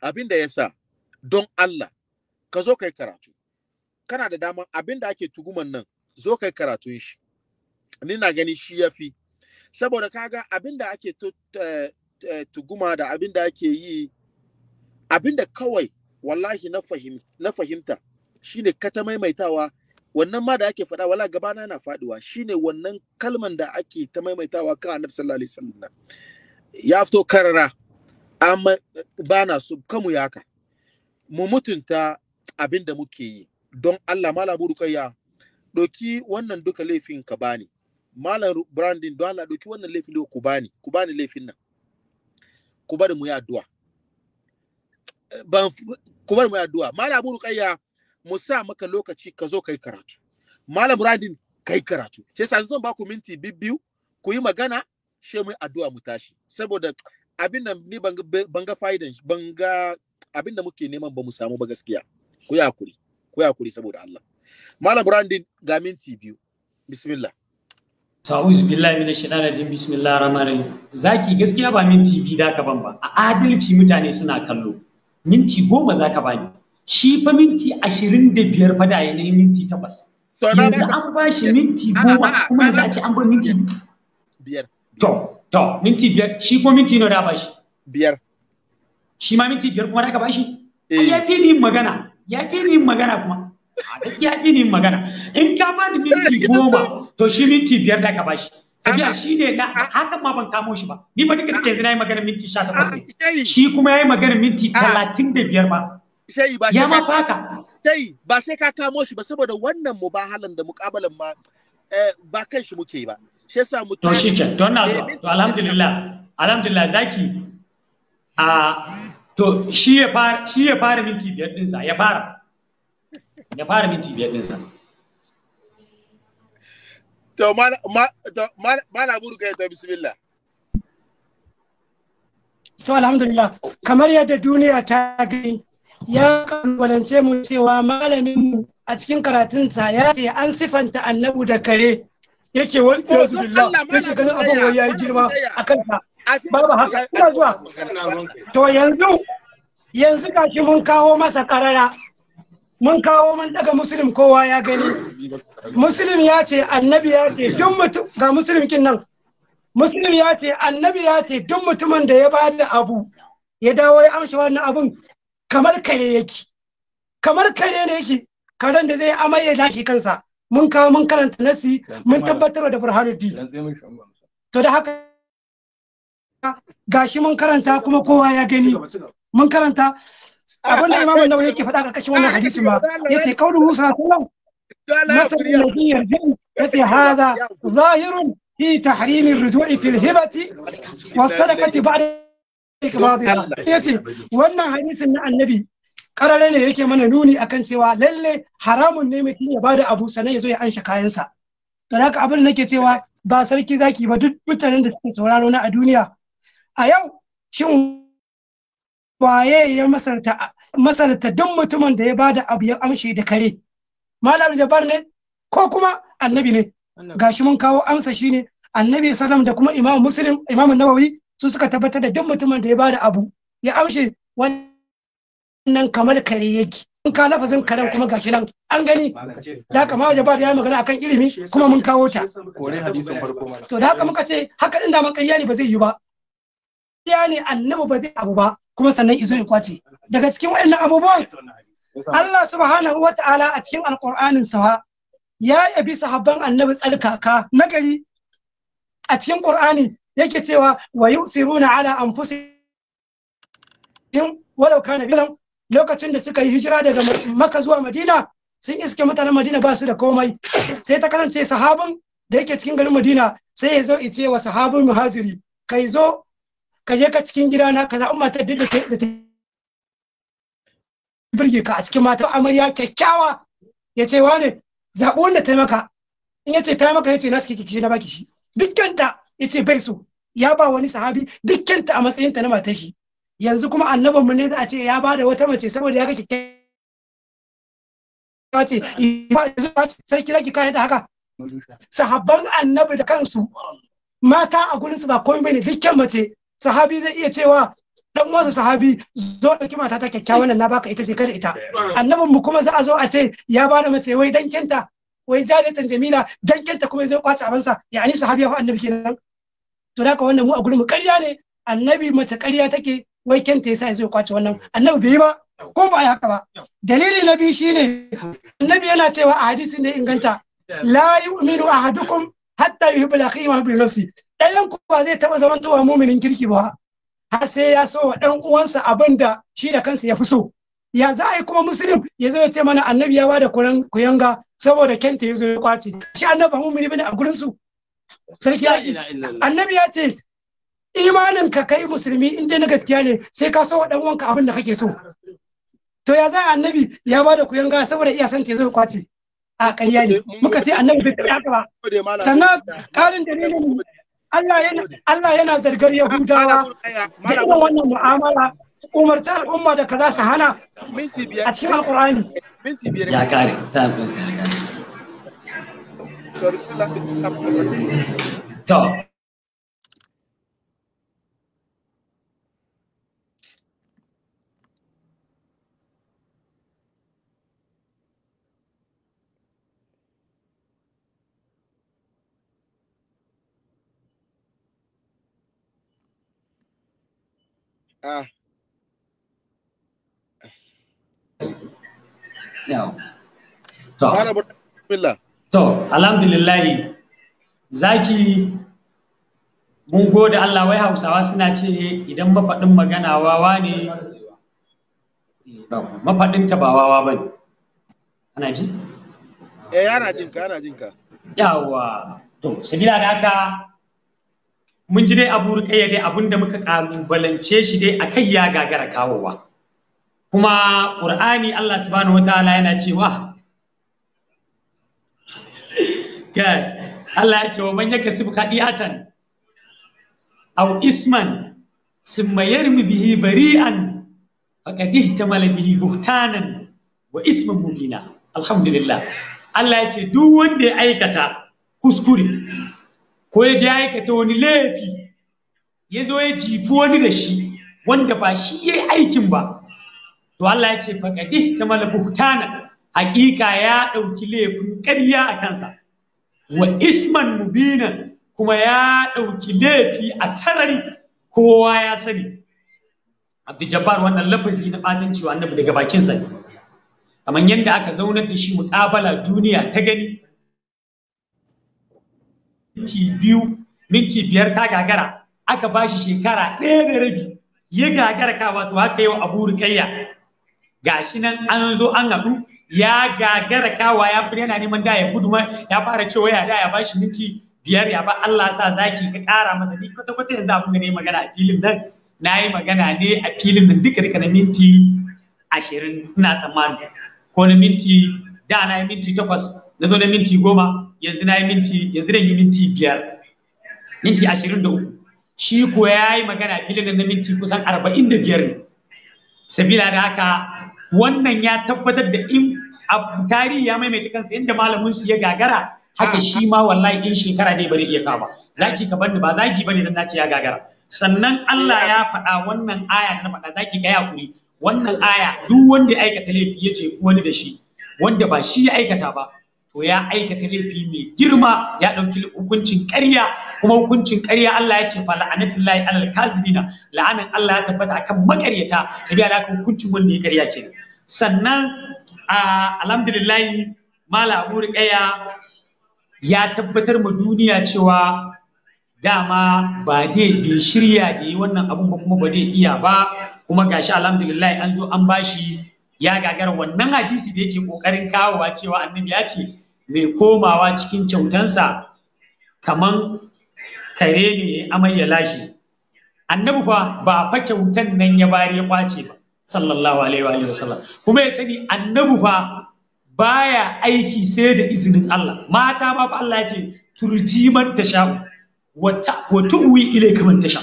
abin ya sa don Allah ka zo ka yi karatu kana da dama abinda da ake tuguman nan zo ka yi karatun shi ni na gani shi ya fi saboda kaga abin da ake eh, eh, tuguma da abin da ake yi abinda kawai wallahi na fahimta shine ka ta maimaitawa wannan ma da ake faɗa wala gabana na faɗuwa shine wannan kalman da ake ta maimaitawa kan annabi sallallahu alaihi wasallam ya fito karara amma eh, bana su kamu yaka mu mutunta abin da muke yi don Allah malam rukayya doki wannan duka laifin ka bani malam branding don Allah doki wannan laifin ku bani ku bani laifin nan ku bar mu yi addu'a eh, ban ku bar mu yi addu'a malam rukayya mu sa maka lokaci ka zo kai karatu malam radin kai karatu shi yasa zan ba ku minti bibbiyu ku yi magana she mai addu'a mu tashi saboda abin da ni ban ga fa'idan ban ga abin da muke neman ba mu samu ba gaskiya ku yi hakuri ku yi hakuri saboda Allah malam radin ga minti biyu bismillah Ta'uz billahi minash shaitanir rajim bismillahir rahmanir rahim zaki gaskiya ba minti biyu da ka ban ba a adalci mutane suna kallo minti goma za ka bani shi fa minti ashirin da biyar fa da yanayi minti takwas yanzu an ba shi minti goma kuma da ce an bar minti biyar to to minti biyar shi ko minti nawa da ba shi biyar shi ma minti biyar kuma da ka ba shi eh. ya fi ni magana ya fi ni magana kuma a gaskiya fi ni magana in ka ba ni minti goma to shi minti biyar da ka ba shi Sabiya shi ne na hakan ma ban kamo shi ba ni ba duka da yanzu na yi magana minti sha takwas ne shi kuma ya yi magana minti talatin da biyar ma shayi ba shi ma faka shayi ba sai ka kamo shi ba saboda wannan mubahalan da mukabalan ma eh, ba kan shi muke ba shi yasa mu to shi ce to na zuwa eh, to alhamdulillah alhamdulillah zaki a ah, to shi ya fara shi ya fara minti biyar din sa ya fara ya fara minti biyar din sa to ma ma to ma na buru kai to bismillah to alhamdulillah kamar yadda duniya ta gani ya kalwalance mu cewa malamin mu a cikin karatunsa ya ce an sifanta annabu da kare yake wani yake ganin abubuwa ya yi girma a kanta babu haka ina zuwa to yanzu yanzu gashi mun kawo masa karara mun kawo mun daga musulun kowa ya gani musulun ya ce annabi ya ce duk mutum ga musulun kin nan musulun ya ce annabi ya ce duk mutumin da ya bada abu ya dawo ya amshi wannan abun kamar kare yake kamar kare ne yake karen da zai amai da dace kansa mun kawo mun karanta nasi mun tabbatar da burhanuddin to da haka gashi mun karanta kuma kowa ya gani mun karanta abin da imamu nawa yake faɗa karkashin wannan hadisi ma yace kauluhu sallallahu alaihi wasallam yarjin yace hada zahirun fi tahrimin ruju'i fil hibati was sadaqati ba'da fatiha ya ce wannan hadisin na annabi karare ne yake mana nuni akan cewa lalle haramun ne mutum ya bada abu sannan ya zo ya ansha kayansa to haka abin da nake cewa ba sarki zaki ba duk mutanen da suke sauraro na a duniya a yau shin waye ya masarta masarta duk mutumin da ya bada abu ya amshe da kare malam jabar ne ko kuma annabi ne gashi mun kawo amsa shine annabi sallam da kuma imam muslim imam nawawi su suka tabbatar da duk mutumin da ya bada abu ya amshe wannan kamar kare yake in ka lafazin karen kuma gashi nan an gani da haka ma jabar ya magana akan ilimi kuma mun kawo ta to da haka muka ce haka din da man ƙarya ne ba zai yi ba Ya ne annabi ba zai abu ba kuma sannan izo ya kwace daga cikin waɗannan abubuwan Allah subhanahu wa ta'ala a cikin alƙur'anin sa ya yabi sahabban annabi tsarkaka nagari a cikin ƙur'ani yake cewa wa yusiruna ala anfusihim walau kana bilam lokacin da suka yi hijira daga Makka zuwa Madina sun iske mutanen Madina ba su da komai sai ta kasance sahabin da yake cikin garin Madina sai ya zo ice wa sahabin muhajiri kai zo ka je ka cikin gidana ka za matar da ta birge ka a cikin mata amarya kyakkyawa ya ce wane zaɓi wanda ta maka in ya ce ta maka ya ce na suke kikishi na baki shi dukkanta ya ce bai so ya ba wani sahabi dukkanta a matsayinta na matar shi yanzu kuma mu ne za a ce ya ba da wata mace saboda ya ga kyakkyawa ce sarki zaki kayan da haka sahabban annabi da kansu mata a gurin su ba komai ne dukkan mace sahabi zai iya cewa dan wasu sahabi zo da mata ta kyakkyawan nan na baka ita ce kada ita annabin mu kuma za a zo a ce ya ba da mace wai dan kenta wai jariyatan jamila dan kenta kuma zai kwace abansa yani sahabi ya fa annabi kenan to da ka wannan mu a gurin mu ƙarya ne annabi mace ƙarya take wai kenta yasa ya zo ya kwace wannan annabi bai ba ko ba haka ba dalili na biyu shine annabi yana cewa a hadisi da inganta la yu'minu ahadukum hatta yuhibbu akhihi ma bi nafsi dayan ku ba zai taba zaman tuwa muminin kirki ba har sai ya so wa dan uwansa abinda shi da kansa ya fi so ya za a yi kuma musulun ya zo ya ce mana annabi ya bada kuran kuyanga saboda kenta ya zo ya kwace shi annabi mumini bane a gurin su sarki yaƙi, annabi ya ce imanin ka kai musulmi in dai na gaskiya ne sai ka so wa dan wanka abin da kake so to ya za annabi ya ba da gaya saboda iya san te zai kwace a ƙarya ne muka ce annabi bai taɓa ba sannan ƙarin dalilin Allah yana Allah yana zargar Yahudawa da irin wannan mu'amala umarci al'umma da kaza su hana a cikin Alƙur'ani ya kare ta à nào Tamam. bắt đầu So. Bismillah. To, alhamdulillahi, zaki mun gode Allah wai hausawa suna ce idan mafaɗin magana wawa ne, mafaɗin ta ba wawa ba ne. Ana ji? Eh, ana jin ka, ana jin ka. Yawa, to, sabila da haka mun ji dai abu ya dai abinda muka kalubalance shi dai a kai ya gagara kawowa. Kuma Ƙur'ani Allah subhanahu wa ta'ala yana cewa kai Allah ya ce wa man yakasib khadi'atan aw isman thumma yarmi bihi bari'an faqad ihtamala bihi buhtanan wa isman mubina alhamdulillah Allah ya ce duk wanda ya aikata kuskure ko ya je aikata wani laifi ya zo ya jifi wani da shi wanda ba shi ya yi aikin ba to Allah ya ce ta mala buhtana haƙiƙa ya ɗauki laifin ƙarya a kansa wa isman mubina kuma ya ɗauki laifi a sarari kowa ya sani abdu jabbar wannan lafazi na cewa annabi daga bakinsa ne kamar yadda aka zauna da shi muƙabala duniya ta gani minti biyu minti biyar ta gagara aka bashi shekara ɗaya da rabi ya gagara ka wato haka yau abu rikayya gashi nan an zo an haɗu ya gagara kawa ya fure yana neman da ya gudu ma ya fara cewa ya da ya bashi minti biyar ya ba Allah sa zaki ka ƙara masa ni kwata kwata yanzu abin da ne magana a filin nan na yi magana ne a filin nan duka duka na minti ashirin ina tsammani ko na minti da na yi minti takwas na zo na minti goma yanzu na yi minti yanzu na yi minti biyar minti ashirin da uku shi ko ya yi magana filin nan na minti kusan arba'in da biyar ne sabila da haka wannan ya tabbatar da in tarihi ya maimaita kansa yadda malamin su ya gagara haka ah. shi ma wallahi in shekara ne bari iya kawo ba zaki ka bani ba zaki bane dan nace ya gagara sannan Allah ya faɗa wannan aya da na faɗa zaki ga yakuri wannan aya duk wanda ya aikata laifi ya ce wani da shi wanda ba shi ya aikata ba to ya aikata laifi mai girma ya ɗauki hukuncin ƙarya kuma hukuncin ƙarya Allah ya ce fa la'anatullahi alal kazibina la'anan Allah ya tabbata akan makaryata sabiya alaka hukuncin wanda ya ƙarya kenan sannan a alhamdulillahi mala abu riƙaya ya tabbatar ma duniya cewa dama ba dai bai shirya da yi wannan abun ba kuma ba dai iya ba kuma gashi alhamdulillah an zo an bashi ya gagara wannan hadisi da yake kokarin kawowa cewa annabi ya ce mai komawa cikin kyautansa kaman kare ne amai ya lashe annabi fa ba fa kyautan nan ya bari ya kwace ba sallallahu alaihi wa sallam kuma ya sani annabu fa baya aiki sai da izinin Allah mata ma fa Allah ya ce turji man tasha wa tu'wi ilayka man tasha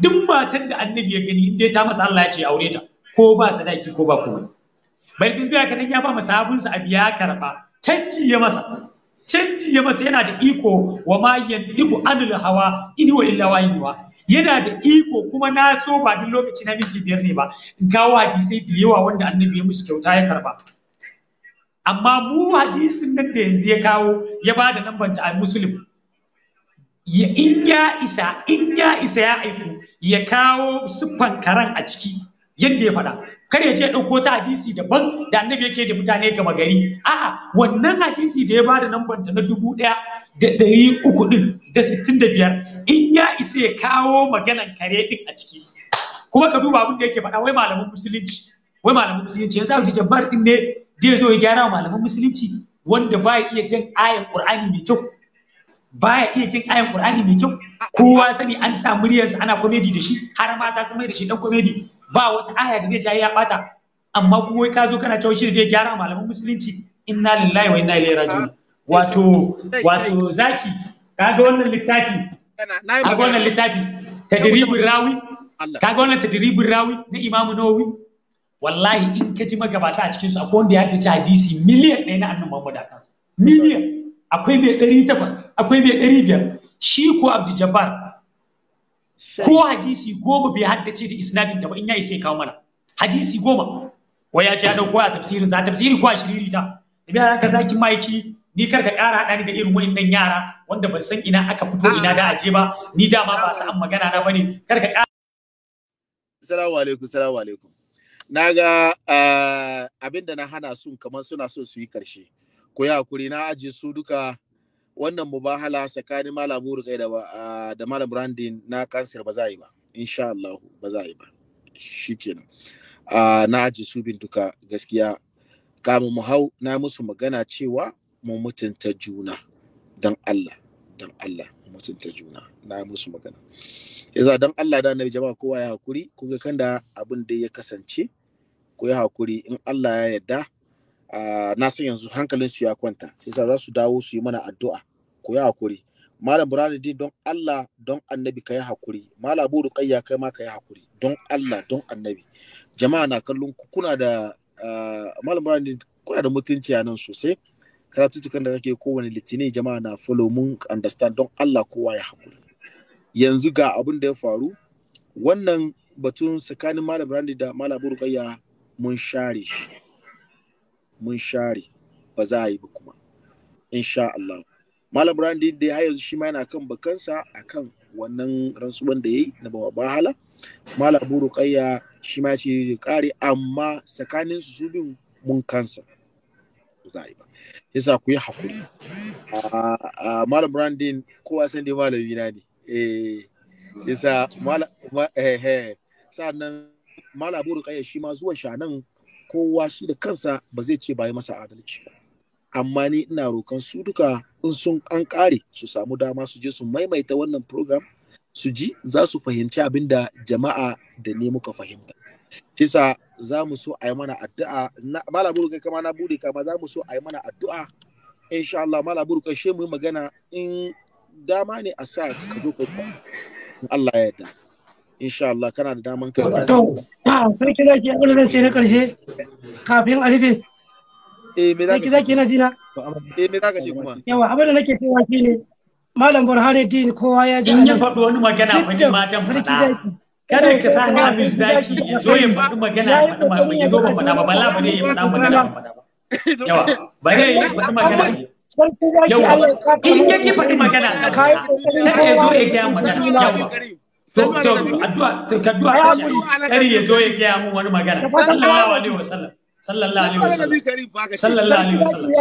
duk matan da annabi ya gani inda ta masa Allah ya ce aure ta ko ba sadaki ko ba komai bai bibiya kadan ya ba masa abinsa abiya karba canji ya masa canji ya masa yana da iko wa ma yandiku anil hawa ini wa illa yana da iko kuma na so ba duk lokaci na miji biyar ne ba in kawo hadisai da yawa wanda annabi ya musu kyauta ya karba amma mu hadisin nan da yanzu ya kawo ya ba da lambar ta muslim ya in ya isa in ya isa ya aiku ya kawo siffan karan a ciki yadda ya faɗa kar ya je ya ɗauko ta hadisi daban da annabi yake da mutane gama gari a'a wannan hadisi da ya ba da namban ta na dubu ɗaya da ɗari uku ɗin da sittin da biyar in ya isa ya kawo maganan kare ɗin a ciki kuma ka duba abin da yake faɗa wai malamin musulunci wai malamin musulunci ya zaɓi jabbar ɗin ne da ya zo ya gyara wa malamin musulunci wanda baya iya jan ayan ƙur'ani mai kyau baya iya jin ayan qur'ani mai kyau kowa sani an sa muryarsa ana komedi da shi har mata sun mai da shi dan komedi ba wata aya da zai jayi ya bata amma kuma wai ka zo kana cewa shi zai gyara malaman musulunci inna lillahi wa inna ilaihi raji'un wato wato zaki kaga wannan littafi kaga wannan littafi tadribul rawi kaga wannan tadribul rawi na imamu nawawi wallahi in ka ji magabata a cikin su akwai wanda ya ci hadisi miliyan ɗaya na annabi Muhammad a kansu miliyan akwai mai ɗari takwas akwai mai ɗari biyar shi ko Abdul Jabbar ko hadisi goma bai haddace da isnadin da ba in ya isa kawo mana hadisi goma wai ya ce ya dauko a tafsirin za tafsiri ko a shiriri ta da ka zaki maiki ni kar ka kara haɗa ni da irin wa'annan yara wanda ban san ina aka fito ina da aje ba ni dama ba su an magana na bane kar ka Assalamu alaikum assalamu alaikum na ga abinda na hana su kamar suna so su yi karshe ko ya hakuri na aje su duka wannan mubahala tsakanin malam buru kai da malam Randi na kansir ba za a yi ba insha Allah ba za a yi ba shikenan na ji su bintuka gaskiya kamun mu hau na musu magana cewa mu mutunta juna don Allah don Allah mu mutunta juna na musu magana yasa don Allah da annabi jama'a kowa ya hakuri ku ga kanda abin da ya kasance ku ya hakuri in Allah ya yarda na san yanzu hankalinsu su ya kwanta yasa za su dawo su yi mana addu'a ku yi hakuri malam din don Allah don annabi ka yi hakuri malam abu ya kai ma ka yi hakuri don Allah don annabi jama'a na kallon ku kuna da ah, malam kuna da mutunci a nan sosai tukan da kake kowane litini jama'a na follow mun understand don Allah kowa ya hakuri yanzu ga abin da ya faru wannan batun tsakanin malam brandi da malam burkayya mun share shi mun share ba za a yi ba kuma insha Allah malam brandi da ya yanzu shi ma yana kan bakansa akan wannan rantsuwan da ya yi na bawa bahala malam abu ruqayya shi ma ce ya kare amma tsakanin su bin mun kansa za a yi ba yasa ku yi hakuri malam brandin kowa san dai malami na ne eh yasa malam eh, eh sannan malam abu ruqayya shi ma zuwa shanan kowa shi da kansa ba zai ce ba yi masa adalci ba amma ni ina rokan su duka in sun an kare su samu dama su je su maimaita wannan program su ji za su fahimci abin da jama'a da ne muka fahimta kisa za mu so a yi mana addu'a buru kai kama na bude kama za mu so a yi mana addu'a insha Allah buru kai she mu yi magana in dama ne a sa ka zo ka Allah ya yarda insha Allah kana da daman ka to ah, sarki zaki abin da zan ce na karshe kafin alife eh zaki na jina eh me zaka eh, ce kuma yawa abin da nake cewa shine malam burhanuddin kowa ya ji in ya faɗi wani magana fa ni ma faɗa kada ka sa a zaki zo ya faɗi magana faɗi zo ba faɗa ba balla ba ne ya faɗa magana ba faɗa yawa ba ne ya faɗi magana yawa in yake faɗi magana sai ya zo ya gaya magana yawa addu'a sai ka addu'a ya zo ya wani magana sallallahu alaihi wasallam sallallahu alaihi sallallahu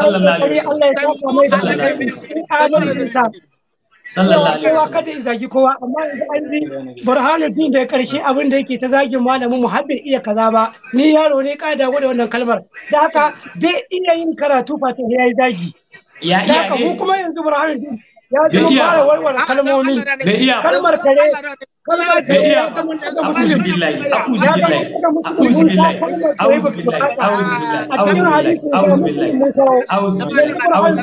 sallallahu alaihi kada in zagi kowa amma yanzu an ji burhanuddin da karshe abin da yake ta zagin malamin mu habbin iya kaza ba ni yaro ne ka dawo da wannan kalmar da haka bai iya yin karatu fa ya yi zagi ya iya ne kuma yanzu burhanuddin ya zama fara warware kalmomi kalmar kare أعوذ بالله أعوذ بالله أعوذ بالله أعوذ بالله أعوذ بالله أعوذ بالله أعوذ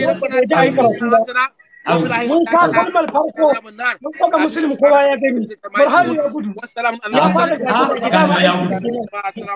بالله أعوذ بالله mun ka kalmar farko mun kaga musulmi kowa ya gani burhanu ya gudu ya fara ya gudu